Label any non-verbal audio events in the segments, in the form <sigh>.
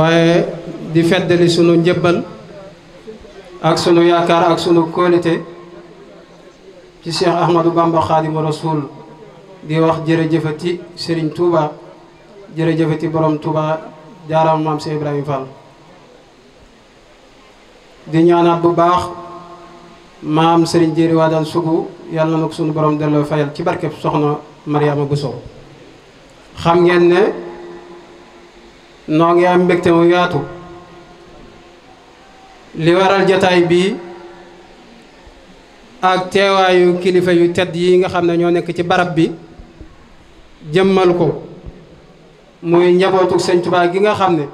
waaye di feddali sunu njëbbal ak sunu yaakaar ak sunu kóolite ci Cheikh Ahmadou Bamba Xaadimu Rasuul di wax jërëjëfati Serigne Touba jërëjëfati borom Touba jaaraam maam Cheikh Ibrahima Fall di ñaanaat bu baax maam Serigne Jéeri Waadaan Sugu yàlla na ko sunu borom delloo fayal ci barkeb soxna Mariama Bousso xam ngeen ne noo ngi am mbégte yaatu li waral jataay bii ak teewaayu kilifa yu tedd yi nga xam ne ñoo nekk ci barab bi jëmmal ko muy njabootu sëñ Tuubaa gi nga xam ne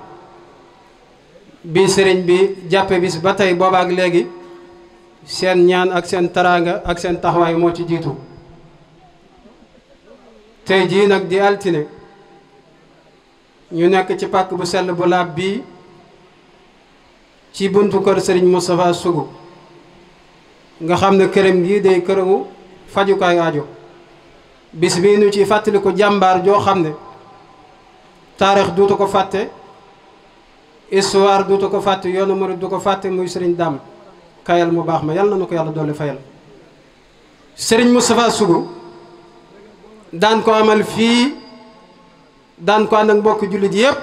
bi sëriñ bi jàppe bis ba tey boobaak léegi seen ñaan ak seen taraanga ak seen taxawaay moo ci jiitu tey jii nag di altine ñu nekk ci pàkk bu sell bu laab bii ci buntu kër sëriñ Moustapha Sougou nga xam ne këram gii day këramu fajukaay aajo bis bii nu ci fàttaliku jàmbaar joo xam ne taarix duutu ko fàtte histoire duutu ko fàtte yoonu murid du ko fàtte muy Serigne Dame kayal mu baax ma yàlla na nu ko yàlla dolli fayal Serigne Moustapha Sougou daan ko amal fii daan ko ànd ak mbokk jullit yi yëpp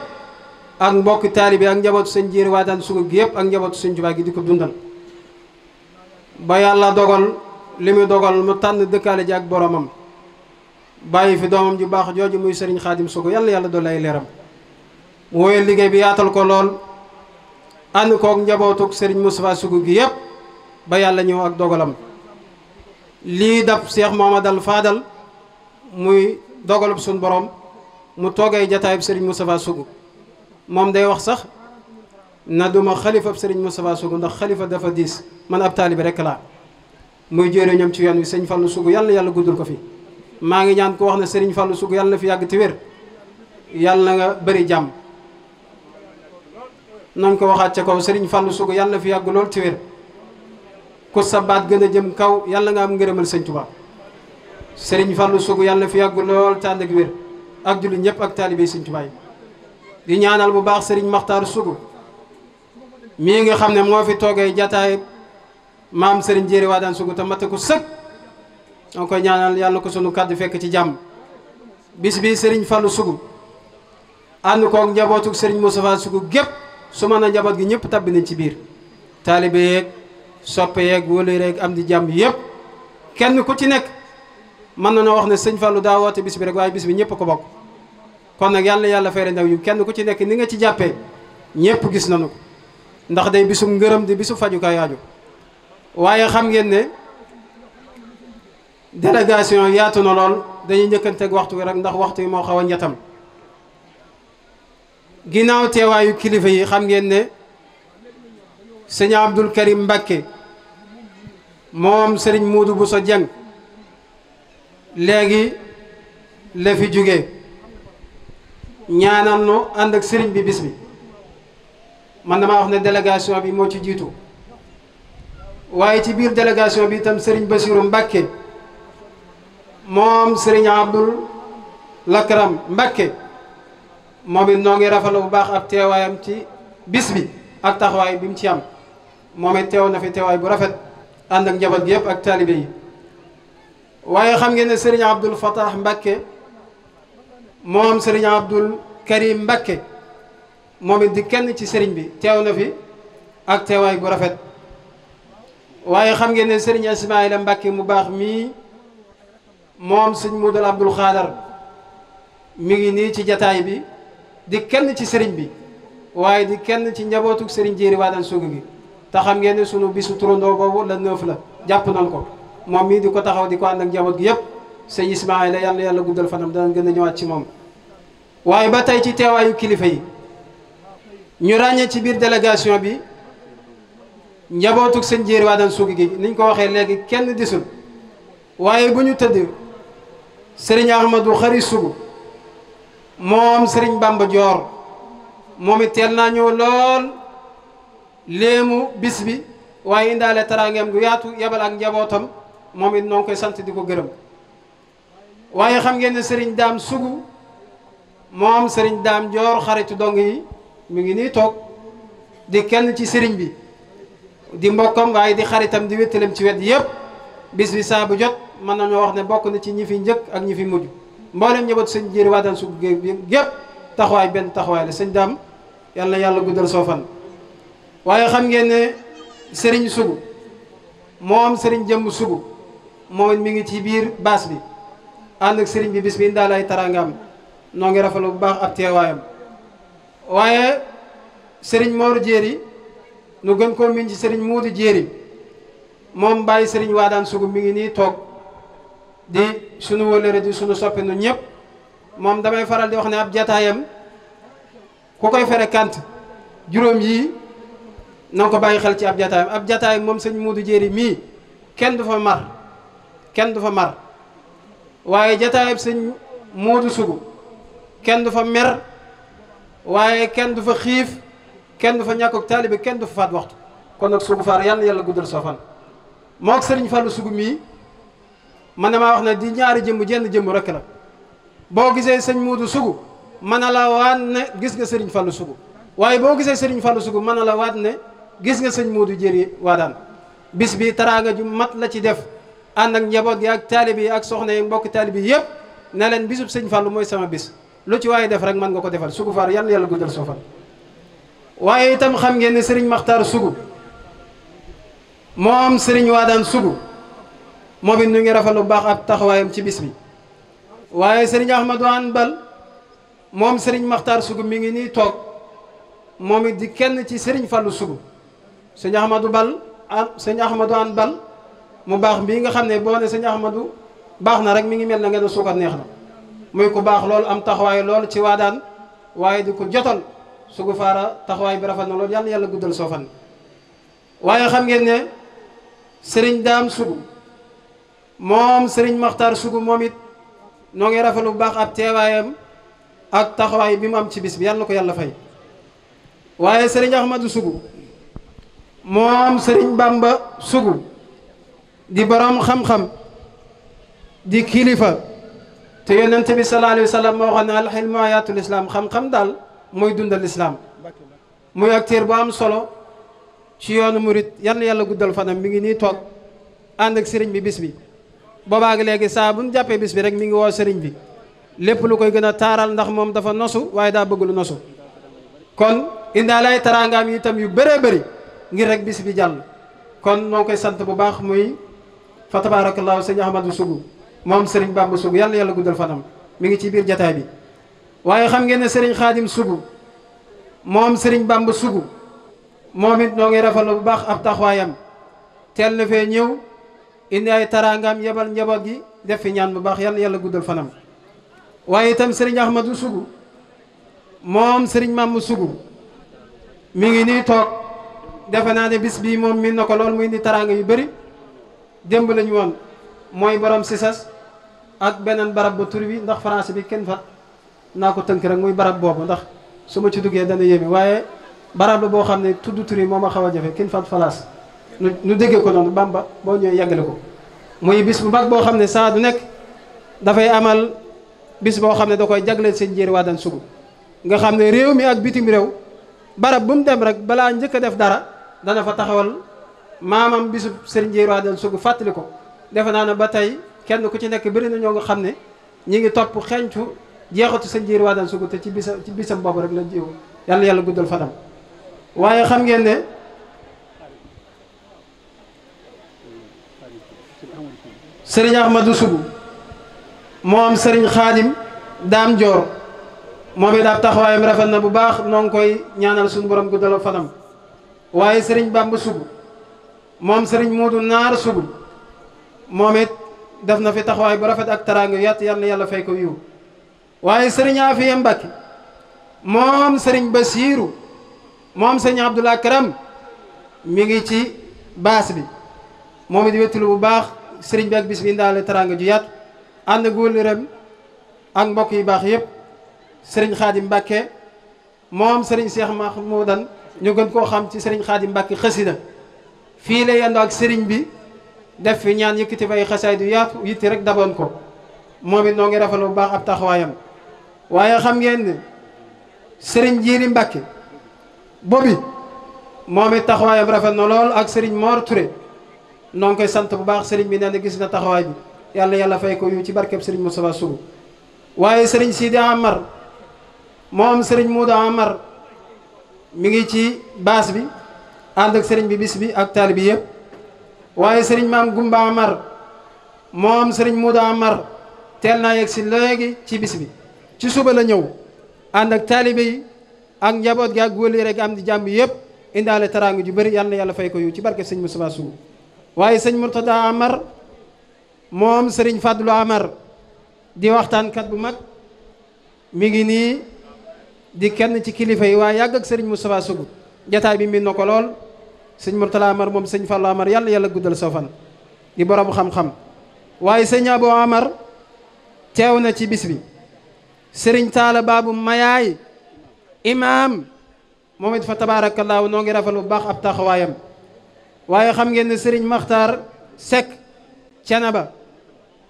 ak mbokk taalibe ak njabootu sëñ jiir waa daan sugub gi yëpp ak njabootu sëñ Tuubaa gi di ko dundal ba yàlla dogal li muy dogal mu tànn dëkkaale ji ak boromam bàyyi fi doomam ju baax jooju muy sëriñ xaadim Sougou yàlla yàlla dool ay leeram mu woyal liggéey bi yaatal ko lool ànd kook njabootuk sëriñ Moustapha Sougou gi yëpp ba yàlla ñëw ak dogalam lii dab Cheikh Mohamadal Fadal muy dogalub suñ boroom mu toogee jataayub sëriñ Moustapha Sougou moom day wax sax na duma xalifa ab sëriñ Moustapha Sougou ndax xalifa dafa diis man ab taalibi rek laa muy jëre ñoom ci yoon wi sëñ Fallou Sougou yàlla na yàlla guddul ko fi maa ngi ñaan ko wax ne sëriñ Fallou Sougou yàlla fi yàgg te wér yàlla na nga bari jàmm nañ ko waxaat ca kaw sëriñ Fallou Sougou yàlla na fi yàgg lool te wér ku sa baat gën a jëm kaw yàlla nga am ngërëmal sëñ Touba sëriñ Fallou Sougou yàlla na fi yàgg lool te ànd wér ak jullit ñëpp ak taalibey Sëñ Tuubaa di ñaanal bu baax sëriñ Maxtaar Sugu mii nga xam ne moo fi toogee jataay maam sëriñ Jéeri Waadaan Sugu te mate ko sëkk danga koy ñaanal yàlla ko sunu kàddu fekk ci jàmm bis bii sëriñ Fallu Sugu ànd koog njabootuk sëriñ Moustapha Sugu gépp su mën a njaboot gi ñëpp tabbi nañ ci biir taalibe yeeg soppe yeeg wóolu yeeg am di jàmm yëpp kenn ku ci nekk mën nañoo wax ne sëñ Fallou daa woote bis bi rek waaye bis bi ñëpp ko bokk kon nag yàlla yàlla fere ndaw ñu kenn ku ci nekk ni nga ci jàppee ñëpp gis nañu ko ndax day bisu ngërëm di bisu fajukaay aju waaye xam ngeen ne délégation yaatu na lool dañuy njëkkanteeg waxtu wi ndax waxtu yi moo xaw a ginnaaw teewaayu kilifa yi xam ngeen ne sëñ Abdul Karim Mbakke moom sëriñ Muudu sa Dieng léegi la jóge ñaanal ànd ak sëriñ bi bis bi man damaa wax ne délégation bi moo ci jiitu waaye ci biir délégation bi itam sëriñ Basiru Mbàkke moom sëriñaa Abdul Lakram Mbàkke moom it noo ngi rafetlu bu baax ab teewaayam ci bis bi ak taxawaay bi mu ci am moom it teew na fi teewaay bu rafet ànd ak njaboot gi yëpp ak taalibe yi waaye xam ngeen ne sëriñ Abdul Fatah Mbakke moom sëriñ Abdul Karim Mbakke moom di kenn ci sëriñ bi teew na fi ak teewaay bu rafet waaye xam ngeen ne sëriñ Ismaayla Mbakke mu baax mii moom sëñ Mudal Abdul Xaadar mu ngi nii ci jataay bi di kenn ci sëriñ bi waaye di kenn ci njabootuk sëriñ Jéeri Waadaan Sugu gi te xam ngeen ne sunu bisu turandoo boobu la neuf la jàpp nañ ko moom mii di ko taxaw di ko ànd ak njaboot gi yëpp sëñ Ismaayla yal na yàlla guddal fanam danañ gën a ñëwaat ci moom. waaye ba tey ci teewaayu kilifa yi ñu ràññee ci biir délégation bi njabootug sëñ Jéeri Waadane Suugi gi niñ ko waxee léegi kenn disul waaye bu ñu tëdd sëriñ Ahmadou Xari Sugu moom sëriñ Bamba Joor moom it teel naa ñëw lool léemu bis bi waaye indaale taraangeem gu yaatu yebal ak njabootam. moom it noo koy sant di ko gërëm waaye xam ngeen ne sëriñ daam sugu moom sëriñ daam joor xaritu dong yi mu ngi nii toog di kenn ci sëriñ bi di mbokkam waaye di xaritam di wéttalam ci wet yépp bis bi saa jot mën nañoo wax ne bokk na ci ñi fi njëkk ak ñi fi mujj mboolem ñëbatu sëñ jéeri waa daan sugu gépp taxawaay benn taxawaay la sëñ daam yàlla yàlla guddal soo fan waaye xam ngeen ne sëriñ sugu moom sëriñ jëmm sugu moom it mi ngi ci biir baas bi ànd ak sëriñ bi bis bi indaale ay tarangaam noo ngi rafetlu bu baax ab teewaayam waaye sëriñ Mor Jéeri nu gën koo miin ci sëriñ Muudu Jéeri moom bàyyi sëriñ waa daan Sugu mi ngi nii toog di sunu wëlëre di sunu soppe nu ñëpp moom damay faral di wax ne ab jataayam ku koy fere kant juróom yii nan ko bàyyi xel ci ab jataayam ab jataayam moom sëriñ Muudu Jéeri mii kenn du fa mar kenn du fa mar waaye jataayab sëñ Moodu Sugu kenn du fa mer waaye kenn du fa xiif kenn du fa ñàkk ñàkkug taalibe kenn du fa faat waxtu kon nag Sugu Faar yàlla yàlla guddal soo fan moo ak sëriñ Fàllu Sugu mii man ne maa wax ne di ñaari jëmbu jenn jëmbu rekk la boo gisee sëñ Moodu Sugu mën na la waat ne gis nga sëriñ Fàllu Sugu waaye boo gisee sëriñ Fàllu Sugu mën na la waat ne gis nga sëñ Moodu Jéeri Waadaan bis bi taraanga ju mat la ci def ànd ak njaboot gi ak taalib yi ak soxna yi mbokk taalib yi yëpp ne leen bisub sëñ Fallou mooy sama bis lu ci waaye def rek mën nga ko defal sugu faar yàlla yàlla guddal soo fan waaye itam xam ngeen ne sëriñ Maxtaar sugu moom sëriñ Waadaan sugu moom it ñu ngi rafet lu baax ak taxawaayam ci bis bi waaye sëriñ Ahmadou bal moom sëriñ Maxtaar sugu mi ngi nii toog moom it di kenn ci sëriñ Fallou sugu sëñ Ahmadou Bal ah, sëñ Ahmadou Anbal mu baax mbii nga xam ne boo ne sëñ Ahmadu baax na rek mi ngi mel na ngeen suukar neex na muy ku baax loolu am taxawaay loolu ci waa daan waaye di ko jotal sugu faara taxawaay bi rafet na loolu yàlla yàlla guddal soo fan waaye xam ngeen ne sëriñ daan sugu moom sëriñ maxtaar sugu moom it noo ngi rafet bu baax ab teewaayam ak taxawaay bi mu am ci bis bi yàlla na ko yàlla fay waaye sëriñ ahmadu sugu moom sëriñ bamba sugu di boroom xam-xam di kilifa te yonent bi sallallahu alayhi wa sallam moo xam ne alxilmu ayatul islam xam-xam daal mooy dundal islam muy acteur bu am solo ci yoonu mu yal na yàlla guddal fanam mi ngi nii toog ànd ak sëriñ bi bis bi boobaag léegi saa bu ñu bis bi rek mi ngi woo sëriñ bi lépp lu koy gën a taaral ndax moom dafa nosu waaye daa bëgg nosu kon indaa lay taraangaam yi itam yu bëree bëri ngir rek bis bi jàll kon noo koy bu baax muy fa tabaarakallaahu sëñ Ahmadou Sougou moom sëriñ Bamba Sougou yàlla yàlla guddal fanam mi ngi ci biir jataay bi waaye ne sëriñ Xaadim Sougou moom sëriñ Bamba Sougou moom it noo ngi rafetlu bu baax ab taxawaayam teel na fee ñëw indi ay taraangaam yebal njaboot gi def fi ñaan bu baax yàlla yàlla guddal fanam waaye itam sëriñ Ahmadou Sougou moom sëriñ Mamadou Sougou mi ngi nii toog defe naa ne bis bii moom miin na ko lool muy indi taraanga yu bëri démb lañu woon mooy borom sisas ak beneen barab ba tur bi ndax français bi kenn fat naa ko tënk rek muy barab boobu ndax su ma ci duggee dana yéeme waaye barab la boo xam ne tudd tur yi moo ma xaw a jafe kenn fat falaas nu déggee ko noonu bamba boo ñëwee yàggale ko muy bis bu mag boo xam ne saa du nekk dafay amal bis boo xam ne da koy jagleel seen njéer waa dan sugu nga xam ne réew mi ak bitim réew barab bu mu dem rek balaa njëkk a def dara dana fa taxawal maamam bisub sëriñ Ndiéro Adel Sougou fàttali ko defe naa ne ba tey kenn ku ci nekk bëri na ñoo nga xam ne ñu ngi topp xencu jeexatu sëriñ Ndiéro Adel Sougou te ci bisa ci bisam boobu rek la jiw yàlla yàlla guddal fanam waaye xam ngeen ne sëriñ Ahmadou Sougou moom sëriñ Xaadim daam joor moom it ab taxawaayam rafet na bu baax noo ngi koy ñaanal suñu borom guddal fanam waaye sëriñ Bamba Sougou moom sëriñ Modou Naar Sougou moom it def na fi taxawaay bu rafet ak taraanga yatt yal na yàlla fay ko yiw waaye sëriñ Afiya Mbacke moom sëriñ Basiiru moom sëriñ Abdoul Akram mi ngi ci baas bi moom it bu baax sëriñ bi ak bis bi ndaale taraanga ju ànd góorlërëm ak mbokk yu baax yëpp sëriñ Xaadim Mbacke moom sëriñ Cheikh Mahmoudan ñu gën koo xam ci sëriñ Xaadim Mbacke xasida fii la yendoo ak sëriñ bi def fi ñaan yëkkati fay xasaay du yaatu yitti rek daboon ko moom noo ngi rafetlu bu baax ab taxawaayam waaye xam ngeen ne sëriñ Jiiri Mbàkke boobi moom it taxawaayam rafet na lool ak sëriñ Mor Touré noo ngi koy sant bu baax sëriñ bi nee na gis na taxawaay bi yàlla yàlla fay ko yu ci barkeb sëriñ Moustapha Sougou waaye sëriñ Sidi Amar moom sëriñ Mouda Amar mi ngi ci baas bi ànd ak sëriñ bi bis bi ak taali bi waaye sëriñ maam Gumba Amar moom sëriñ Muda Amar teel naa yegg si léegi ci bis bi ci suba la ñëw ànd ak taalibe yi ak njaboot gi ak wóoli rek am di jàmb yëpp indaale taraanga ju bëri yal na yàlla fay ko yu ci barke sëñ Moustapha Sow waaye sëñ Murtada Amar moom sëriñ Fadlu Amar di waxtaankat bu mag mi ngi nii di kenn ci kilifa yi waaye yàgg ak sëriñ Moustapha Sow jataay bi miin na ko lool sëñ Mourtala Amar moom sëñ Fallou Amar yàlla yàlla guddal soo fan di xam-xam waaye sëñ Abou Amar teew na ci bis bi sëriñ Taala Baabu Mayaay imaam moom it fa tabaarakallaahu noo ngi rafetlu bu baax ab taxawaayam waaye xam ngeen ne sëriñ Makhtar Seck Thiénaba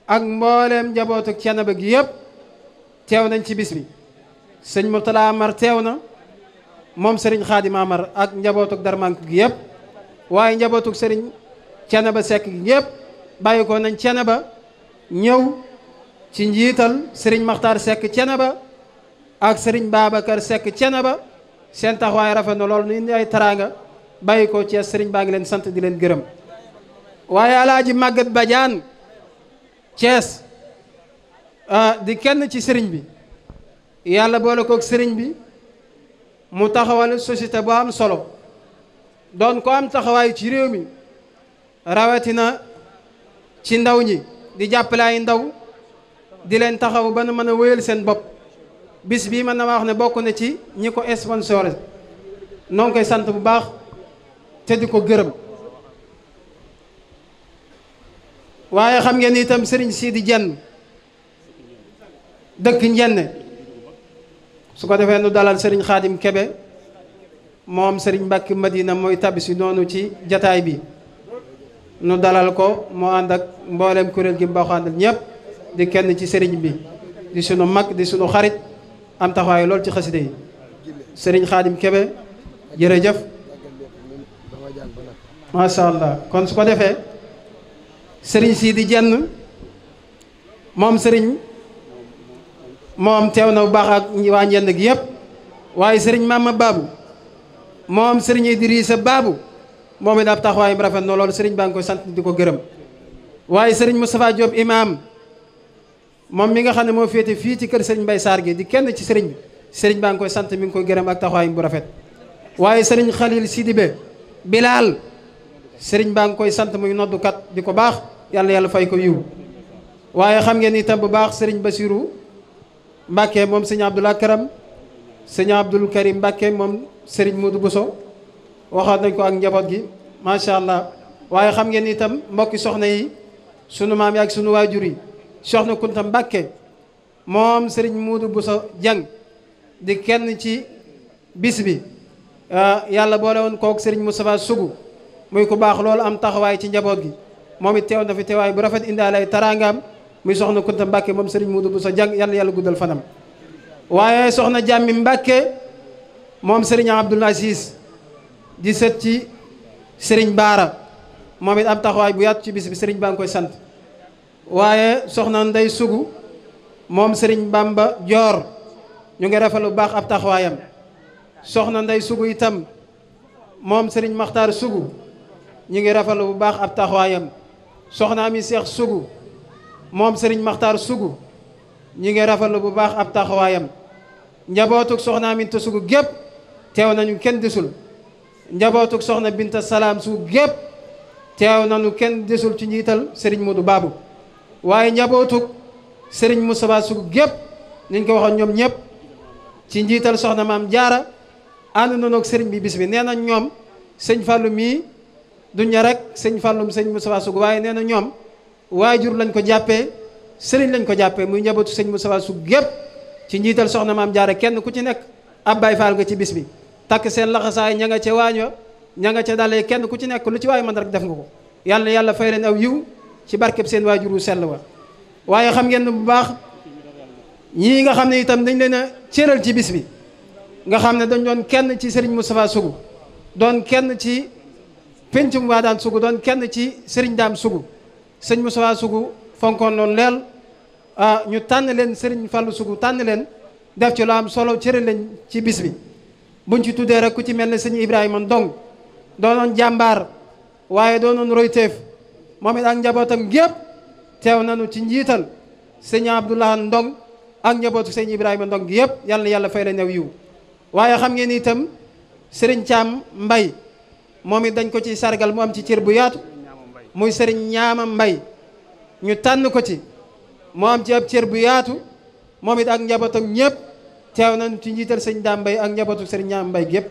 ak mbooleem njabootu Thiénaba gi yépp teew nañ ci bis bi sëñ Mourtala teew na. moom sëriñ Khadim Amar ak njabootuk Darmank gi yépp waaye njabootuk sëriñ Thiénaba Seck gi yépp bàyyi ko nañ Thiénaba ñëw ci njiital Serigne Makhtar Seck Thiénaba ak sëriñ Serigne Babacar Seck Thiénaba seen taxawaay rafet na lool ni ay taraanga bàyyi ko Thiès Serigne baa ngi leen sant di leen gërëm waaye alaaji Maguette Badiane Thiès ah, di kenn ci sëriñ bi yàlla boole kook sëriñ bi. mu taxawal société bu am solo doon ko am taxawaay ci réew mi rawatina ci ndaw ñi di jàppale ay ndaw di leen taxaw ba nu mën a wéyal seen bopp bis bii mën na wax ne bokk na ci ñi ko sponsorisé noo ngi koy sant bu baax te di ko gërëm waaye xam ngeen itam sëriñ di Dieng dëkk Njenne su ko defee nu dalal sëriñ xaadim kebe moom sëriñ mbàkki madina mooy tabisi noonu ci jataay bi nu dalal ko moo ànd ak mbooleem kuréel gi mbaaxu àndal ñëpp di kenn ci sëriñ bi di sunu mag di sunu xarit am taxawaay lool ci xasida yi sëriñ xaadim kebe jërëjëf macha allah kon su ko defee sëriñ sii di jenn moom sëriñ moom teew na bu baax ak waa njënd gi yëpp waaye sëriñ Mama Babou moom sëriñ Idrissa Babou moom it ab bu rafet na loolu sëriñ baa ngi koy sant di ko gërëm waaye sëriñ Moustapha Diop imam moom mi nga xam ne moo féete fii ci kër sëriñ mbay Sarr gi di kenn ci sëriñ bi sëriñ baa ngi koy sant mi ngi koy gërëm ak taxawaayam bu rafet waaye sëriñ Khalil Sidibé Bilal sëriñ baa ngi koy sant muy noddukat di ko baax yàlla yàlla fay ko yiw waaye xam ngeen itam bu baax sëriñ Basirou Mbacke moom sëñ Abdoulaye Karam sëñ Abdoul Karim Mbacke moom Serigne Modou Bousso waxaat nañ ko ak njaboot gi macha allah waaye xam ngeen itam mbokki soxna yi sunu maam yi ak sunu waajur yi soxna Kunta Mbacke moom Serigne Modou Bousso jàng di kenn ci bis bi ah, yàlla boole woon kook Serigne Moustapha Sougou muy ku baax loolu am taxawaay ci njaboot gi moom it teew na fi teewaay bu rafet indaale ay taraangaam. muy soxna Kunta Mbàkke moom sëriñ Muudu bu sa jàng yal na yàlla guddal fanam waaye soxna Jàmmi Mbàkke moom sëriñ Abdul Asiis di sët ci sëriñ Baara moom it am taxawaay bu yaatu ci bis bi sëriñ baa koy sant waaye soxna Ndey Sugu moom sëriñ Bamba Joor ñu ngi rafet lu baax ab taxawaayam soxna Ndey Sugu itam moom sëriñ Maxtaar Sugu ñu ngi rafet bu baax ab taxawaayam soxna Ami Seex Sugu moom sëriñ Maxtaar Sugu ñi ngi rafetlu bu baax ab taxawaayam njabootug soxna Binta Sugu gépp teew nañu kenn desul njabootug soxna Binta Salaam Sugu gépp teew nañu kenn desul ci njiital sëriñ Modu Baabu waaye njabootug sëriñ Moustapha Sugu gépp niñ ko waxoon ñoom ñëpp ci njiital soxna maam jaara ànd nañu ak sëriñ bi bis bi nee na ñoom sëñ Fallou mii duñ ña rek sëñ Fallum sëñ Moustapha Sugu waaye nee na ñoom waajur lañ ko jàppee sëriñ lañ ko jàppee muy njabootu sëñ Moustapha su gépp ci njiital soxna maam jaare kenn ku ci nekk ab baay faal nga ci bis bi takk seen laxasaay ña nga ca waaño ña nga ca dalee kenn ku ci nekk lu ci waay man rek def nga ko yàlla yàlla fay leen aw yiw ci barkeb seen waajuru wu sell wa waaye xam ngeen bu baax ñii nga xam ne itam dañ leen a cëral ci bis bi nga xam ne dañ doon kenn ci sëriñ Moustapha Sougou doon kenn ci péncum waa daan Sougou doon kenn ci sëriñ Daam Sougou sëñ Moussa Sougou fonkoon noonu leel ah, ñu tànn leen sëriñ Fallou Sougou tànn leen def ci lu am solo cëre leen ci bis bi buñ ci tuddee rek ku ci mel ne sëñ ibraahima Ndong doonoon jàmbaar waaye doonoon royteef moom it ak njabootam gépp teew nañu ci njiital sëñ Abdoulaye Ndong ak njabootu sëñ Ibrahima Ndong yëpp yàlla yàlla fay la new yiw waaye xam ngeen ni itam sëriñ Thiam Mbay moom it dañ ko ci sargal mu am ci cër bu yaatu muy sëriñ ñaama mbay ñu tànn ko ci moo am ci ab cër bu yaatu moom it ak njabootam ñëpp teew na ci njiital sëñ daam mbay ak njabootu sëriñ ñaama mbay gépp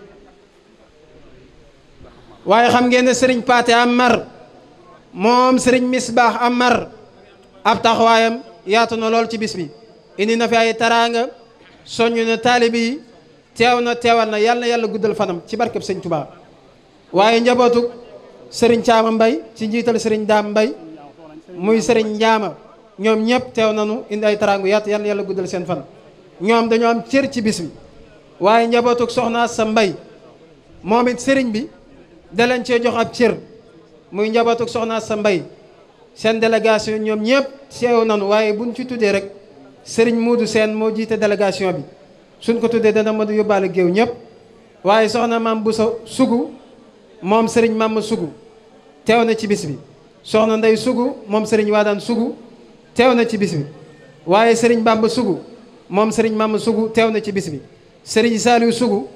waaye xam ngeen ne sëriñ paate amar moom sëriñ misbaax mar ab taxawaayam yaatu na lool ci bis bi indi na fi ay taraanga soññu na taalibi yi teew na teewal na yàlla na yàlla guddal fanam ci barkeb sëñ Tuubaa waaye njabootu sëriñ Caama Mbay ci njiital sëriñ Daam Mbay muy sëriñ Njaama ñoom ñëpp teew nañu indi ay taraangu yaat yal na yàlla guddal seen fan ñoom dañoo am cër ci bis waaye njabootug soxna sa mbay moom it sëriñ bi da leen cee jox ab cër muy njabootug soxna sa mbay seen délégation ñoom ñëpp seew nanu waaye buñ ci tuddee rek sëriñ Moodu Seen moo jiite délégation bi suñ ko tuddee dana mën a yóbbaale géew ñëpp waaye soxna maam bu sa sugu moom sëriñ maam ma sugu teew na ci bis bi soxna Ndey Sugu moom sëriñ Waadaan Sugu teew na ci bis bi waaye sëriñ Bamba Sugu moom sëriñ Mama Sugu teew na ci bis bi sëriñ Saaliw Sugu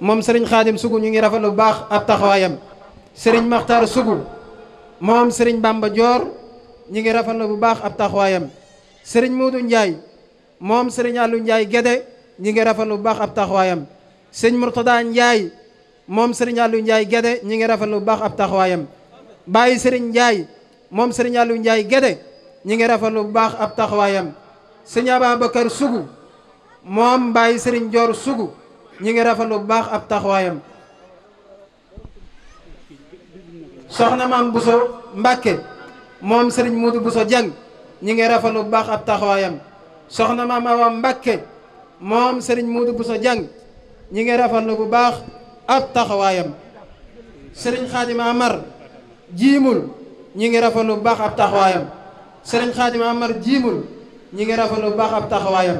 moom sëriñ Xaadim Sugu ñu ngi rafetlu bu baax ab taxawaayam sëriñ Maxtaar Sugu moom sëriñ Bamba Joor ñu ngi rafetlu bu baax ab taxawaayam sëriñ Moodu Njaay moom sëriñ Allu Njaay Gede ñi ngi rafetlu bu baax ab taxawaayam sëriñ Murtada Njaay moom sëriñ Allu Njaay Gede ñi ngi rafetlu bu baax ab taxawaayam bàyyi Serigne Ndiaye moom Serigne Aliou Ndiaye Guédé ñi ngi rafetlu bu baax ab taxawaayam sëñ Ababacar Sougou moom bàyyi Serigne Dior Sougou ñi ngi rafetlu bu baax ab taxawaayam soxna maam Bousso Mbacke moom Serigne Modou Bousso Dieng ñi ngi rafetlu bu baax ab taxawaayam soxna maam Awa Mbacke moom Serigne Modou Bousso Dieng ñi ngi rafetlu bu baax ab taxawaayam Serigne Khadim Amar jiimul ñi ngi rafetlu bu baax ab taxawaayam sëriñ Xaadim Amar jiimul ñi ngi rafetlu bu baax ab taxawaayam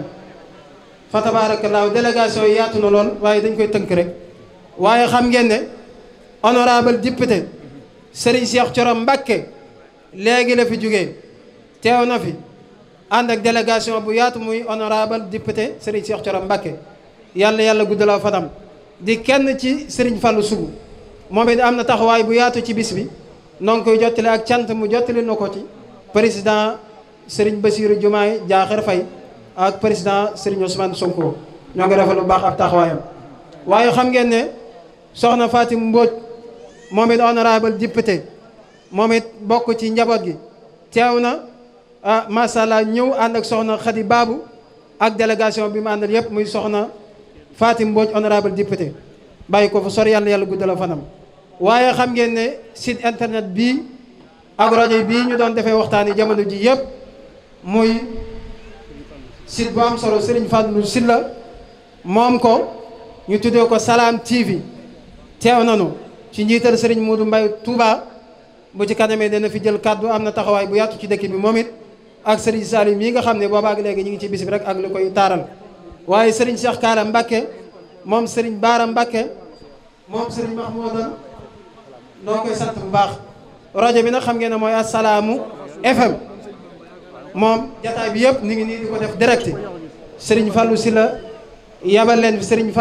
fa tabaarakallaahu délégation yi yaatu na lool waaye dañ koy tënk rek waaye xam ngeen ne honorable député sëriñ Cheikh Thioro Mbacké léegi la fi jóge te na fi ànd ak délégation bu yaatu muy honorable député sëriñ Cheikh Thioro Mbacké yàlla yàlla guddaloo fanam di kenn ci sëriñ Fallou Sougou moom it am na taxawaay bu yaatu ci bis bi noo ngi koy jottali ak cant mu jottali na ko ci président Serigne Bassirou Diomaye Diakhar fay ak président Serigne Ousmane Sonko ñoo ngi rafetlu bu baax ab taxawaayam waaye xam ngeen ne soxna Fatim Mbodj moom it honorable député moom it bokk ci njaboot gi teew na ah macha allah ñëw ànd ak soxna Khady Babou ak délégation bi mu àndal yëpp muy soxna Fatim Mbodj honorable te bàyyi ko fa sori yàlla yàlla guddal fanam. waaye xam ngeen ne site internet bii ak rajo bii ñu doon defee waxtaan yi jamono ji yëpp muy site bu am solo Serigne Fallou Sylla moom ko ñu tuddee ko Salam TV teew nanu ci njiital Serigne Modou Mbaye Touba bu ci kanamee dana fi jël kàddu am na taxawaay bu yàttu ci dëkk bi moom it ak Serigne Salim yi nga xam ne booba ak léegi ñu ngi ci bis bi rek ak lu koy taaral waaye Serigne Cheikh Kaara Mbacke moom Serigne Baara Mbacke moom Serigne Mahmoudan noo koy sant bu baax rajo bi na xam ngeen ne mooy asalaamu FM moom jataay bi yëpp ñu ngi nii ko def direct Serigne Fallou si la yabal leen fi Serigne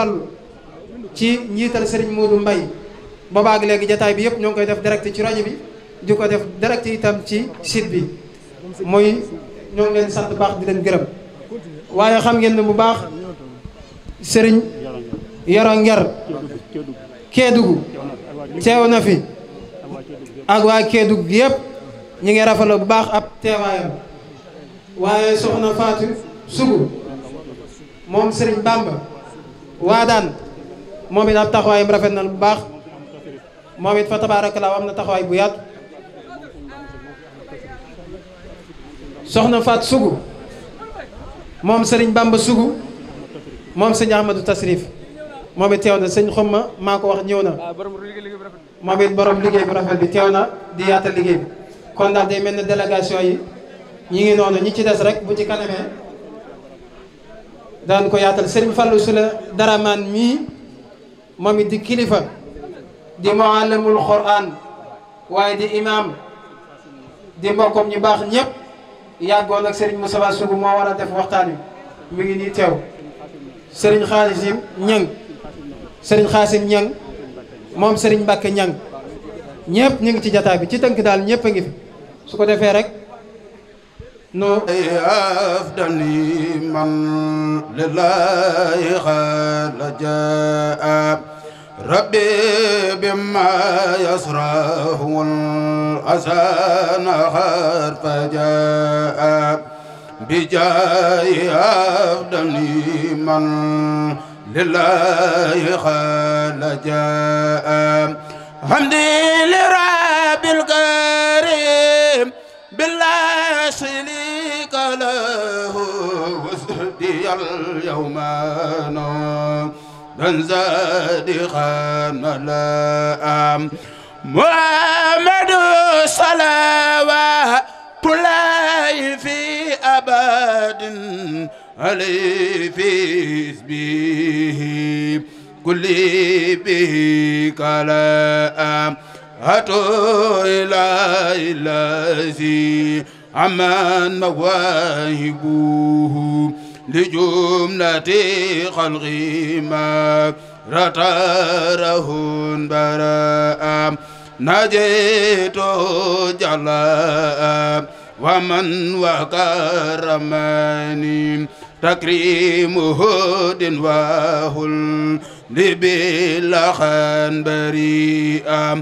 ci njiital Serigne Modou Mbaye boobaag léegi jataay bi yëpp ñoo ngi koy def direct ci rajo bi di def direct itam ci site bi mooy ñoo ngi leen sant baax di leen gërëm waaye xam ngeen ne bu baax sëriñ Yoro Nger Kédougou teew na fi ak waa Kédougou gi yëpp ñu ngi rafetlu bu baax ab teewaayam waaye soxna Fatou Sougou moom Serigne Bamba waa daan moom it ab taxawaayam rafet na bu baax moom it fa tabaarakallaa am na taxawaay bu yàgg soxna Fatou Sougou moom Serigne Bamba Sougou moom Serigne Ahmadou Tasrif moom it teew na sëñ xumma maa ko wax ñëw na ah, moom it borom liggéey bu rafet bi teew na di yaatal liggéey bi kon daal day mel ne délégation yi ñi ngi noonu ñi ci des rek bu ci kanamee ko yaatal sëriñ Fallou dara daramaan mii moom it di kilifa di muallimul Qur'an waaye di imam di mbokkom ñu baax ñëpp yàggoon ak sëriñ Moussa Sougou moo war a def waxtaan wi mi ngi nii teew sëriñ Xaadim Ñang sëriñ Xaasim Ñang moom sëriñ Mbàkke Ñang ñëpp ñu ngi ci jataay bi ci tënk daal ñëpp ngi fi su ko defee rek no afdani man lillahi xaala jaa rabbi bima yasrahu wal asana xar fa jaa bi jaayi afdani لله خال جاء حمدي لرب الكريم بالله شريك له وسدي اليوم من زادقا ملا محمد صلوات الله في أبد عليه في اسمه كل به كلا هاتوا إلى الذي عمان مواهبه لجملة خلق ما رتارهن براء نجيته جلاء ومن وكرمني تكريمه دين وهل لبلا خان بريئا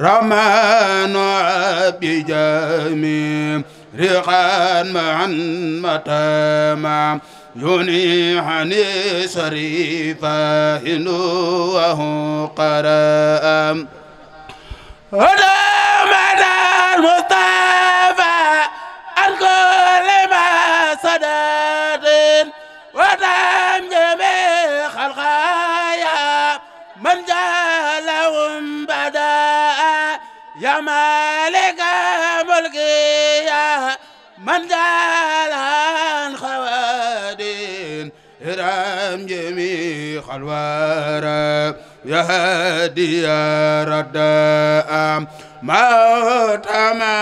رمان عبي جميع ريقان معا متاما ينيحني صريفا إنوه قراء هدى مدى المستقيم أنزال خواد إرام جميع الورى يهدي رداء موتى ما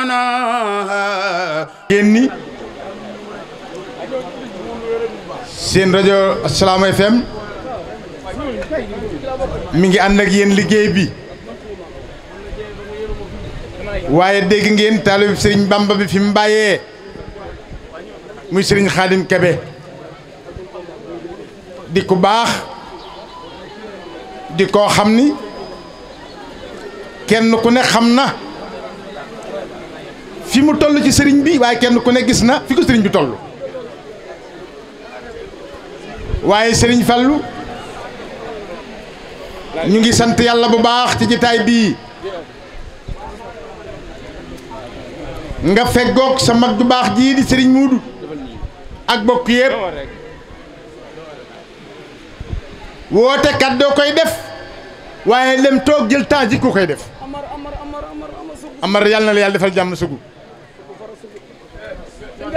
أنا génni seen rajo Assalaamy FM mi ngi ànd ak yéen liggéey bi waaye dégg ngeen taalib sëriñ Bamba bi fi mu bàyyee muy sëriñ Xaadim Kebe di ku baax di koo xam ni kenn ku ne xam na fi mu toll ci sëriñ bi waaye kenn ku ne gis na fi ko sëriñ bi toll waaye sëriñ Fallu ñu ngi sant yàlla bu baax ci jitaay bii nga fegook sa mag ju baax jii di sëriñ muudu ak bokk yëpp woote kat doo koy def waaye lem toog jël temps ji ku koy def amar yàlla na la yàlla defal jàmm sugu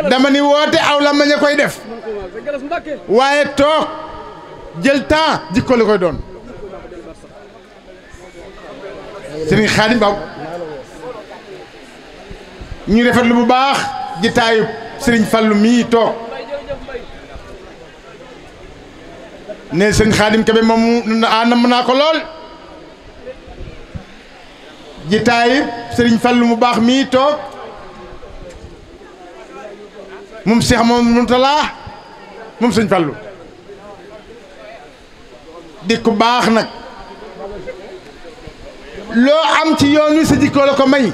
dama ni woote aw la ma ña koy def waaye toog jël temps jikko la koy doon sëriñ xaadim baaw ñu defat lu bu baax jitaayu sëriñ Fallu mii toog ne sëriñ Xaadim Kebe moom a ah, namm naa ko lool jitaayu sëriñ Fallu mu baax mii toog moom Seex moom Muntalaa moom sëriñ Fallu di baax nag loo am ci yoon wi sa jikkoo ko may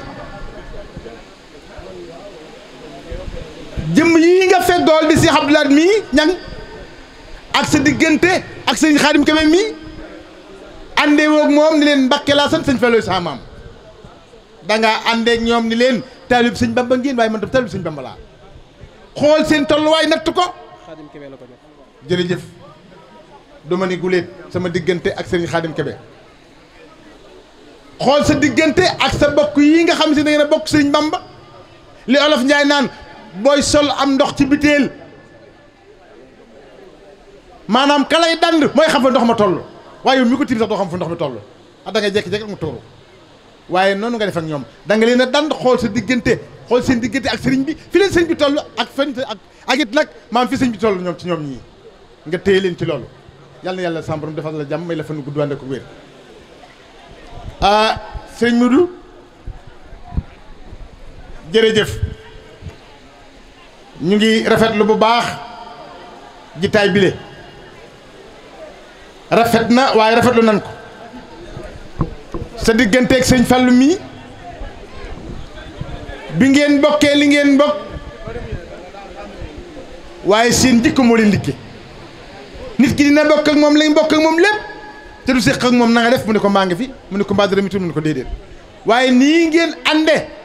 jëmm yii nga feddool di si Abdoulaye mii ñan ak sa diggante ak sëñ Xaadim Kebe mii àndee woog moom ni leen Mbàkke laa sant sëñ Fallou sa maam danga àndeek ñoom ni leen taalib sëñ Bamba ngeen waaye man tam taalib sëñ Bamba laa xool seen tolluwaay natt ko Xaadim Kebe la ko jox jërëjëf duma ni guléet sama diggante ak sëñ Xaadim Kebe xool sa diggante ak sa bokk yi nga xam si ne ngeen a bokk sëñ Bamba li olof Njaay naan booy sol am ndox ci biteel maanaam ka lay dand mooy xam fa ndox ma toll waaye yow ko tiim sax doo xam fa ndox mi toll ah da ngay jékki-jékki mu tuuru waaye noonu nga def ñoom da nga leen a dand xool sa diggante xool seen diggante ak sëriñ bi fi leen sëñ bi toll ak fen ak ak it nag maam fi sëñ bi toll ñoom ci ñoom ñii nga téye leen ci loolu yal na yàlla sàmm defal la jàmm may la fan gudd ànd wér ah sëriñ Modou jërëjëf. ñu ngi rafetlu bu baax jitaay bile rafet na waaye rafetlu nan ko sa digganteeg sëñ Fallou mii bi ngeen bokkee li ngeen bokk waaye seen jikko moo leen liggéey nit ki dina bokk ak moom lañ bokk ak moom lépp te du séq ak moom na def mu ne ko maa ngi fi mu ne ko mbaa dara mitul mu ne ko déedéet waaye nii ngeen ànde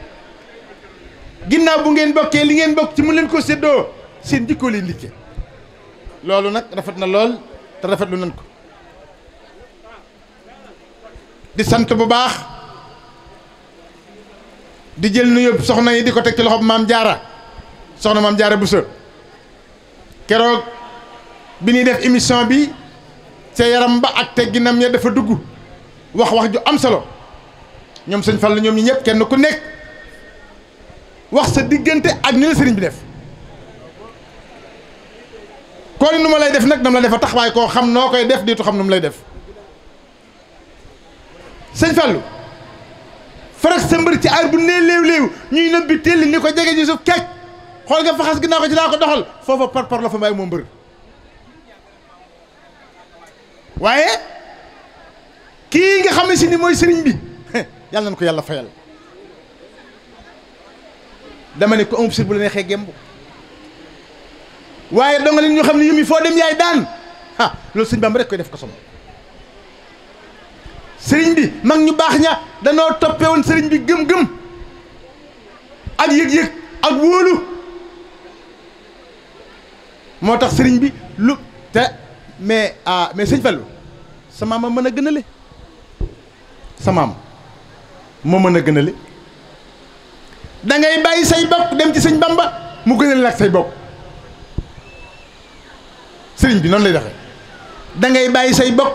ginnaaw bu ngeen bokkee li ngeen bokk ci mu leen ko séddoo seen jikkoo leen liggéey loolu nag rafet na lool te rafetlu nañ ko di sant bu baax di jël nuyoo soxna yi di ko teg ci loxob maam jaara soxna maam jaara bu sër keroog bi ñuy def émission bi ca yaram ba ak tegginam ya dafa dugg wax wax ju am solo ñoom sëñ Fall ñoom ñi ñëpp kenn ku nekk wax sa diggante ak ni la sëriñ bi def kon nu ma lay def nag nam la defa tax waaye koo xam noo koy def diitu xam nu mu lay def sëñ Fallou farak sa mbër ci aar bu nee léew-léew ñuy nëbbi telli ni ko jege ji suuf keek xool nga faxas ginnaaw ko ci daa ko doxal foofa par par la fa may moo mbër waaye kii nga xam ne si ni mooy sëriñ bi <laughs> yàlla nañ ko yàlla fayal dama ne ku amul sër bu la neexee gemb waaye doo nga leen ñu xam ne yumi foo dem yaay daan ah loolu sëñ Bamba rek koy def ko sama sëriñ bi mag ñu baax ña danoo toppee woon sëriñ bi gëm-gëm ak yëg-yëg ak wóolu moo tax sëriñ bi lu te mais ah mais sëñ Fallou sa maam a mën a gënale samaam maam moo mën a gënale da ngay bàyyi say bokk dem ci sëñ Bamba mu gënal nag say bokk sëriñ bi noonu lay doxee dangay bàyyi say bokk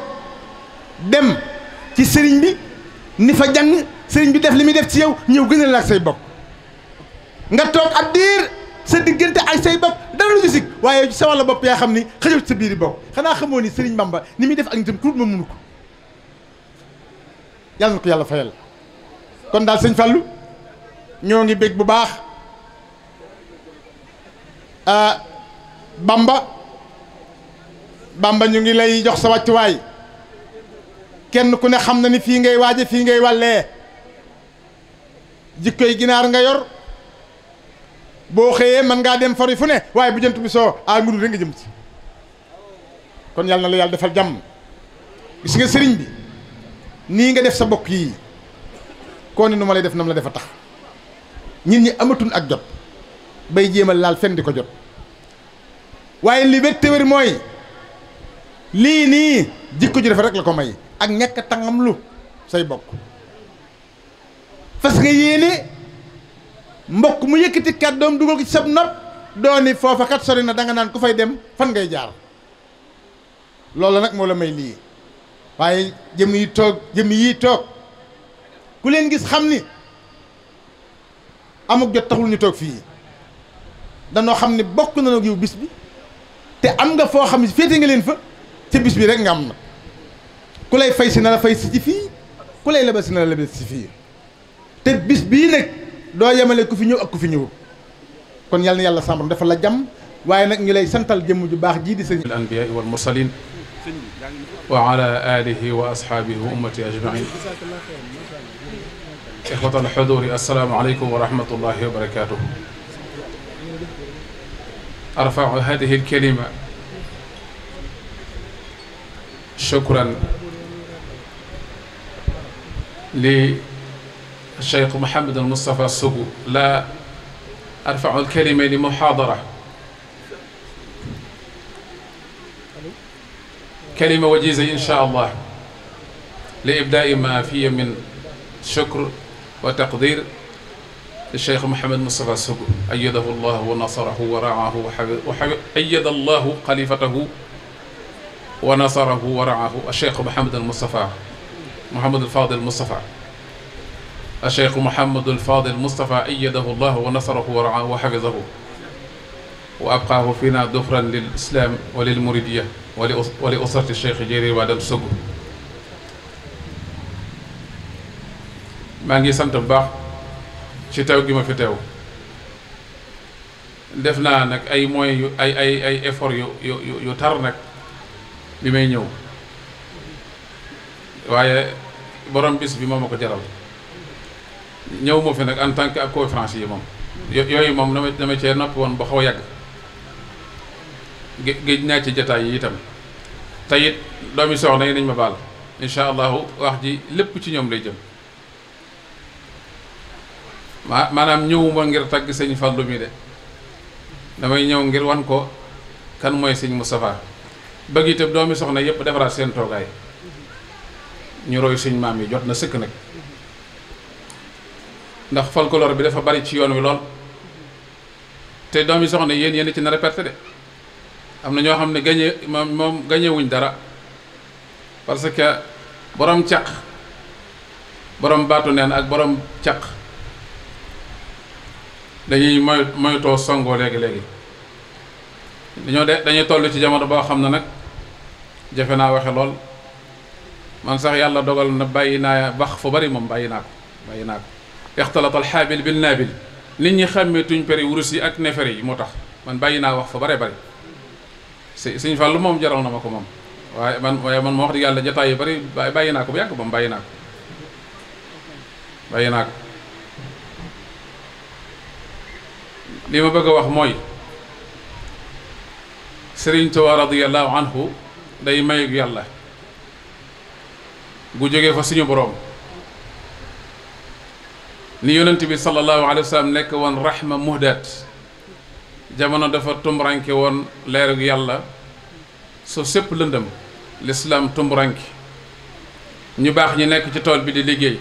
dem ci sëriñ bi ni fa jàng sëriñ bi def li muy def ci yow ñëw gënal nag say bokk nga toog ab diir sa diggante ak say bokk dara lu gisig waaye sa wàllu bopp yaa xam ni xëjul sa biiri bokk xanaa xamoo ni sëriñ Bamba ni muy def ak nitam tuut ma mënu ko yàlla na ko yàlla fayal kon daal sëñ Fallou. ñoo ngi bég bu baax ah, Bamba Bamba ñu ngi lay jox sa wàccuwaay kenn ku ne xam na ni fii ngay waaje fii ngay wallee wàllee jikkoy ginaar nga yor boo xëyee mën ngaa dem fori fu ne waaye bu jant bi soo a ah, ngudul rek nga jëm ci kon yàlla na la yàlla defal jàmm si nga sëriñ bi nii nga def sa bokk yii koo ni nu ma lay def nam la def a tax ñit ñi amatuñ ak jot bay jéem a laal fenn di ko jot waaye li wér mooy lii nii jikko ju defe rek la ko may ak ñàkk a say bokk fas nga yéene mbokk mu yëkkati kàddoom dugal ko ci sab nopp dooni foofa kat sori na danga naan ku fay dem fan ngay jaar loolu nag moo la may lii waaye jëm yi toog jëm yi toog ku leen gis xam ni amuk jot taxul ñu toog fii danoo xam ne bokk na nag yow bis bi te am nga foo xam ne féete nga leen fa ci bis bi rek nga am na ku lay fay si na la fay si ci fii ku lay lebal na la lebal si fii te bis bii nag doo yemale ku fi ñëw ak ku fi ñëwul kon yal na yàlla sàmm dafa la jam waaye nag ñu lay santal jëmm ju baax jii di sëñ anbiya wal mursalin wa ala alihi wa ashaabihi wa ummati ajmain ixwata alxuduri assalaamu aleykum wa rahmatullahi wa barakaatuhu arfau hadihi alkalima shukran li الشيخ محمد المصطفى السبو لا أرفع الكلمة لمحاضرة كلمة وجيزة إن شاء الله لإبداء ما فيه من شكر wa taqdir Cheikh Mouhamed Moustapha Sougou ayadahu llahu wa nasarahu wa raahu wa ayada llahu xalifatahu wa nasarahu wa raahu Cheikh Mouhamed al Moustapha Mouhamed al Fadil Moustapha Cheikh Mouhamed al Fadil Moustapha ayadahu llahu wa nasarahu wa raahu wa xafidahu wa abqaahu fiina dufran lil islaam wa lil muridiya wa li usrati Cheikh Jëri Wadam Sougou maa ngi sant bu baax ci teew gi ma fi teew def naa nag ay moyens yu ay ay ay effort yu yu yu tar nag bi may ñëw waaye borom bis bi moom ma ko jaral ñëw moo fi nag en tant que ak yi moom yooyu moom dama dama cee nopp woon ba xaw a yàgg géej naa ci jataay yi itam te it doomi soxna yi nañ ma baal incha allahu wax ji lépp ci ñoom lay jëm ma maanaam ñëwuma ngir tagg sëñ Fallou mi de damay ñëw ngir wan ko kan mooy sëñ Moustapha bëgg itam doomi soxna yépp defaraat seen toogaay ñu roy sëñ maam yi jot na sëkk nag ndax folklore bi dafa bari ci yoon wi lool te doomi soxna yéen yéen ci na répété de am na ñoo xam ne gañe moom moom gañewuñ dara parce que boroom caq borom baatu neen ak boroom caq dañuy moy moytoo sangoo léegi-léegi dañoo de dañuy toll ci jamono boo xam ne nag jafe naa waxe lool man sax yàlla dogal na bàyyi naa wax fu bari moom bàyyi naa ko bàyyi naa ko ixtilatal xaabil bil naabil nit ñi xàmmee tuñ peri wurus yi ak nefere yi moo tax man bàyyi naa wax fa bare bari si suñ fàllu moom jaral na ma ko moom waaye man waaye man moo wax di yàlla jataay yu bari bàyyi naa ko bu yàgg moom bàyyi naa ko bàyyi naa ko li ma bëgg wax mooy Sëriñ Tuubaa radiyallahu anhu day mayug yàlla gu jógee fa suñu boroom ni yonent bi sallallahu alayhi wa sallam nekk woon rahma muhdat jamono dafa tumranke woon leerug yàlla soo sépp lëndëm lislaam tumranke ñu baax ñi nekk ci tool bi di liggéey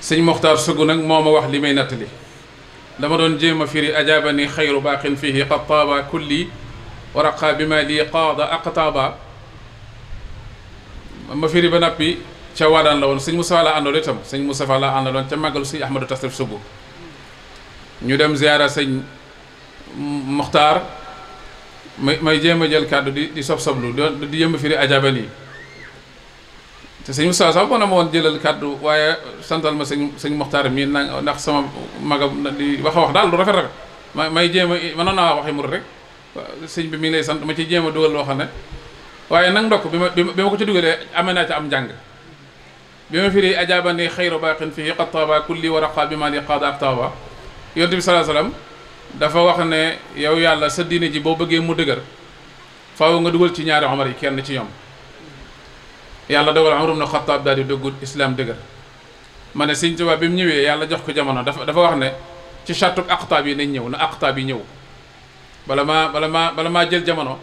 sëñ Moxtaar Sugu nag moo ma wax li may nattali dama doon jéem a firi ajaaba ni xayru baaqin fihi qad taaba kulli waraqa bi ma lii qaada aqtaaba ma firi ba nappi ca waadaan la woon sëñ Moussa la àndaloon itam sëñ Moussa la àndaloon ca màggalu sëñ Ahmadou Tasrif Sougou ñu dem ziara sëñ Muxtaar may may jéem a jël kàddu di di sob soblu di yëm firi ajaaba nii te sëñ Moustapha sax mën na ma woon jëlal kàddu waaye santal ma sëñ sëñ Moxtaar mii na ndax sama magam di wax a wax daal lu rafet rafet ma may jéem a mënoon naa waxi mu rek sëñ bi mi ngi lay sant ma ci jéem a dugal loo xam ne waaye nag ndokk bi ma bi ma ko ci dugalee amee naa ci am njàng bi ma firi ajaabani xayru baaqin fii xataaba kulli a raqa bi ma li qaada aftaba yonte bi salaa salaam dafa wax ne yow yàlla sa diine ji boo bëggee mu dëgër nga dugal ci ñaari omar yi kenn ci ñoom yàlla dogal Umar ibn Xattaab daal di dugg islam dëgër ma ne Sëñ Tuubaa bi mu ñëwee yàlla jox ko jamono dafa dafa wax ne ci chartub aqtaab yi nañ ñëw na aqtaab yi ñëw bala maa bala maa maa jël jamono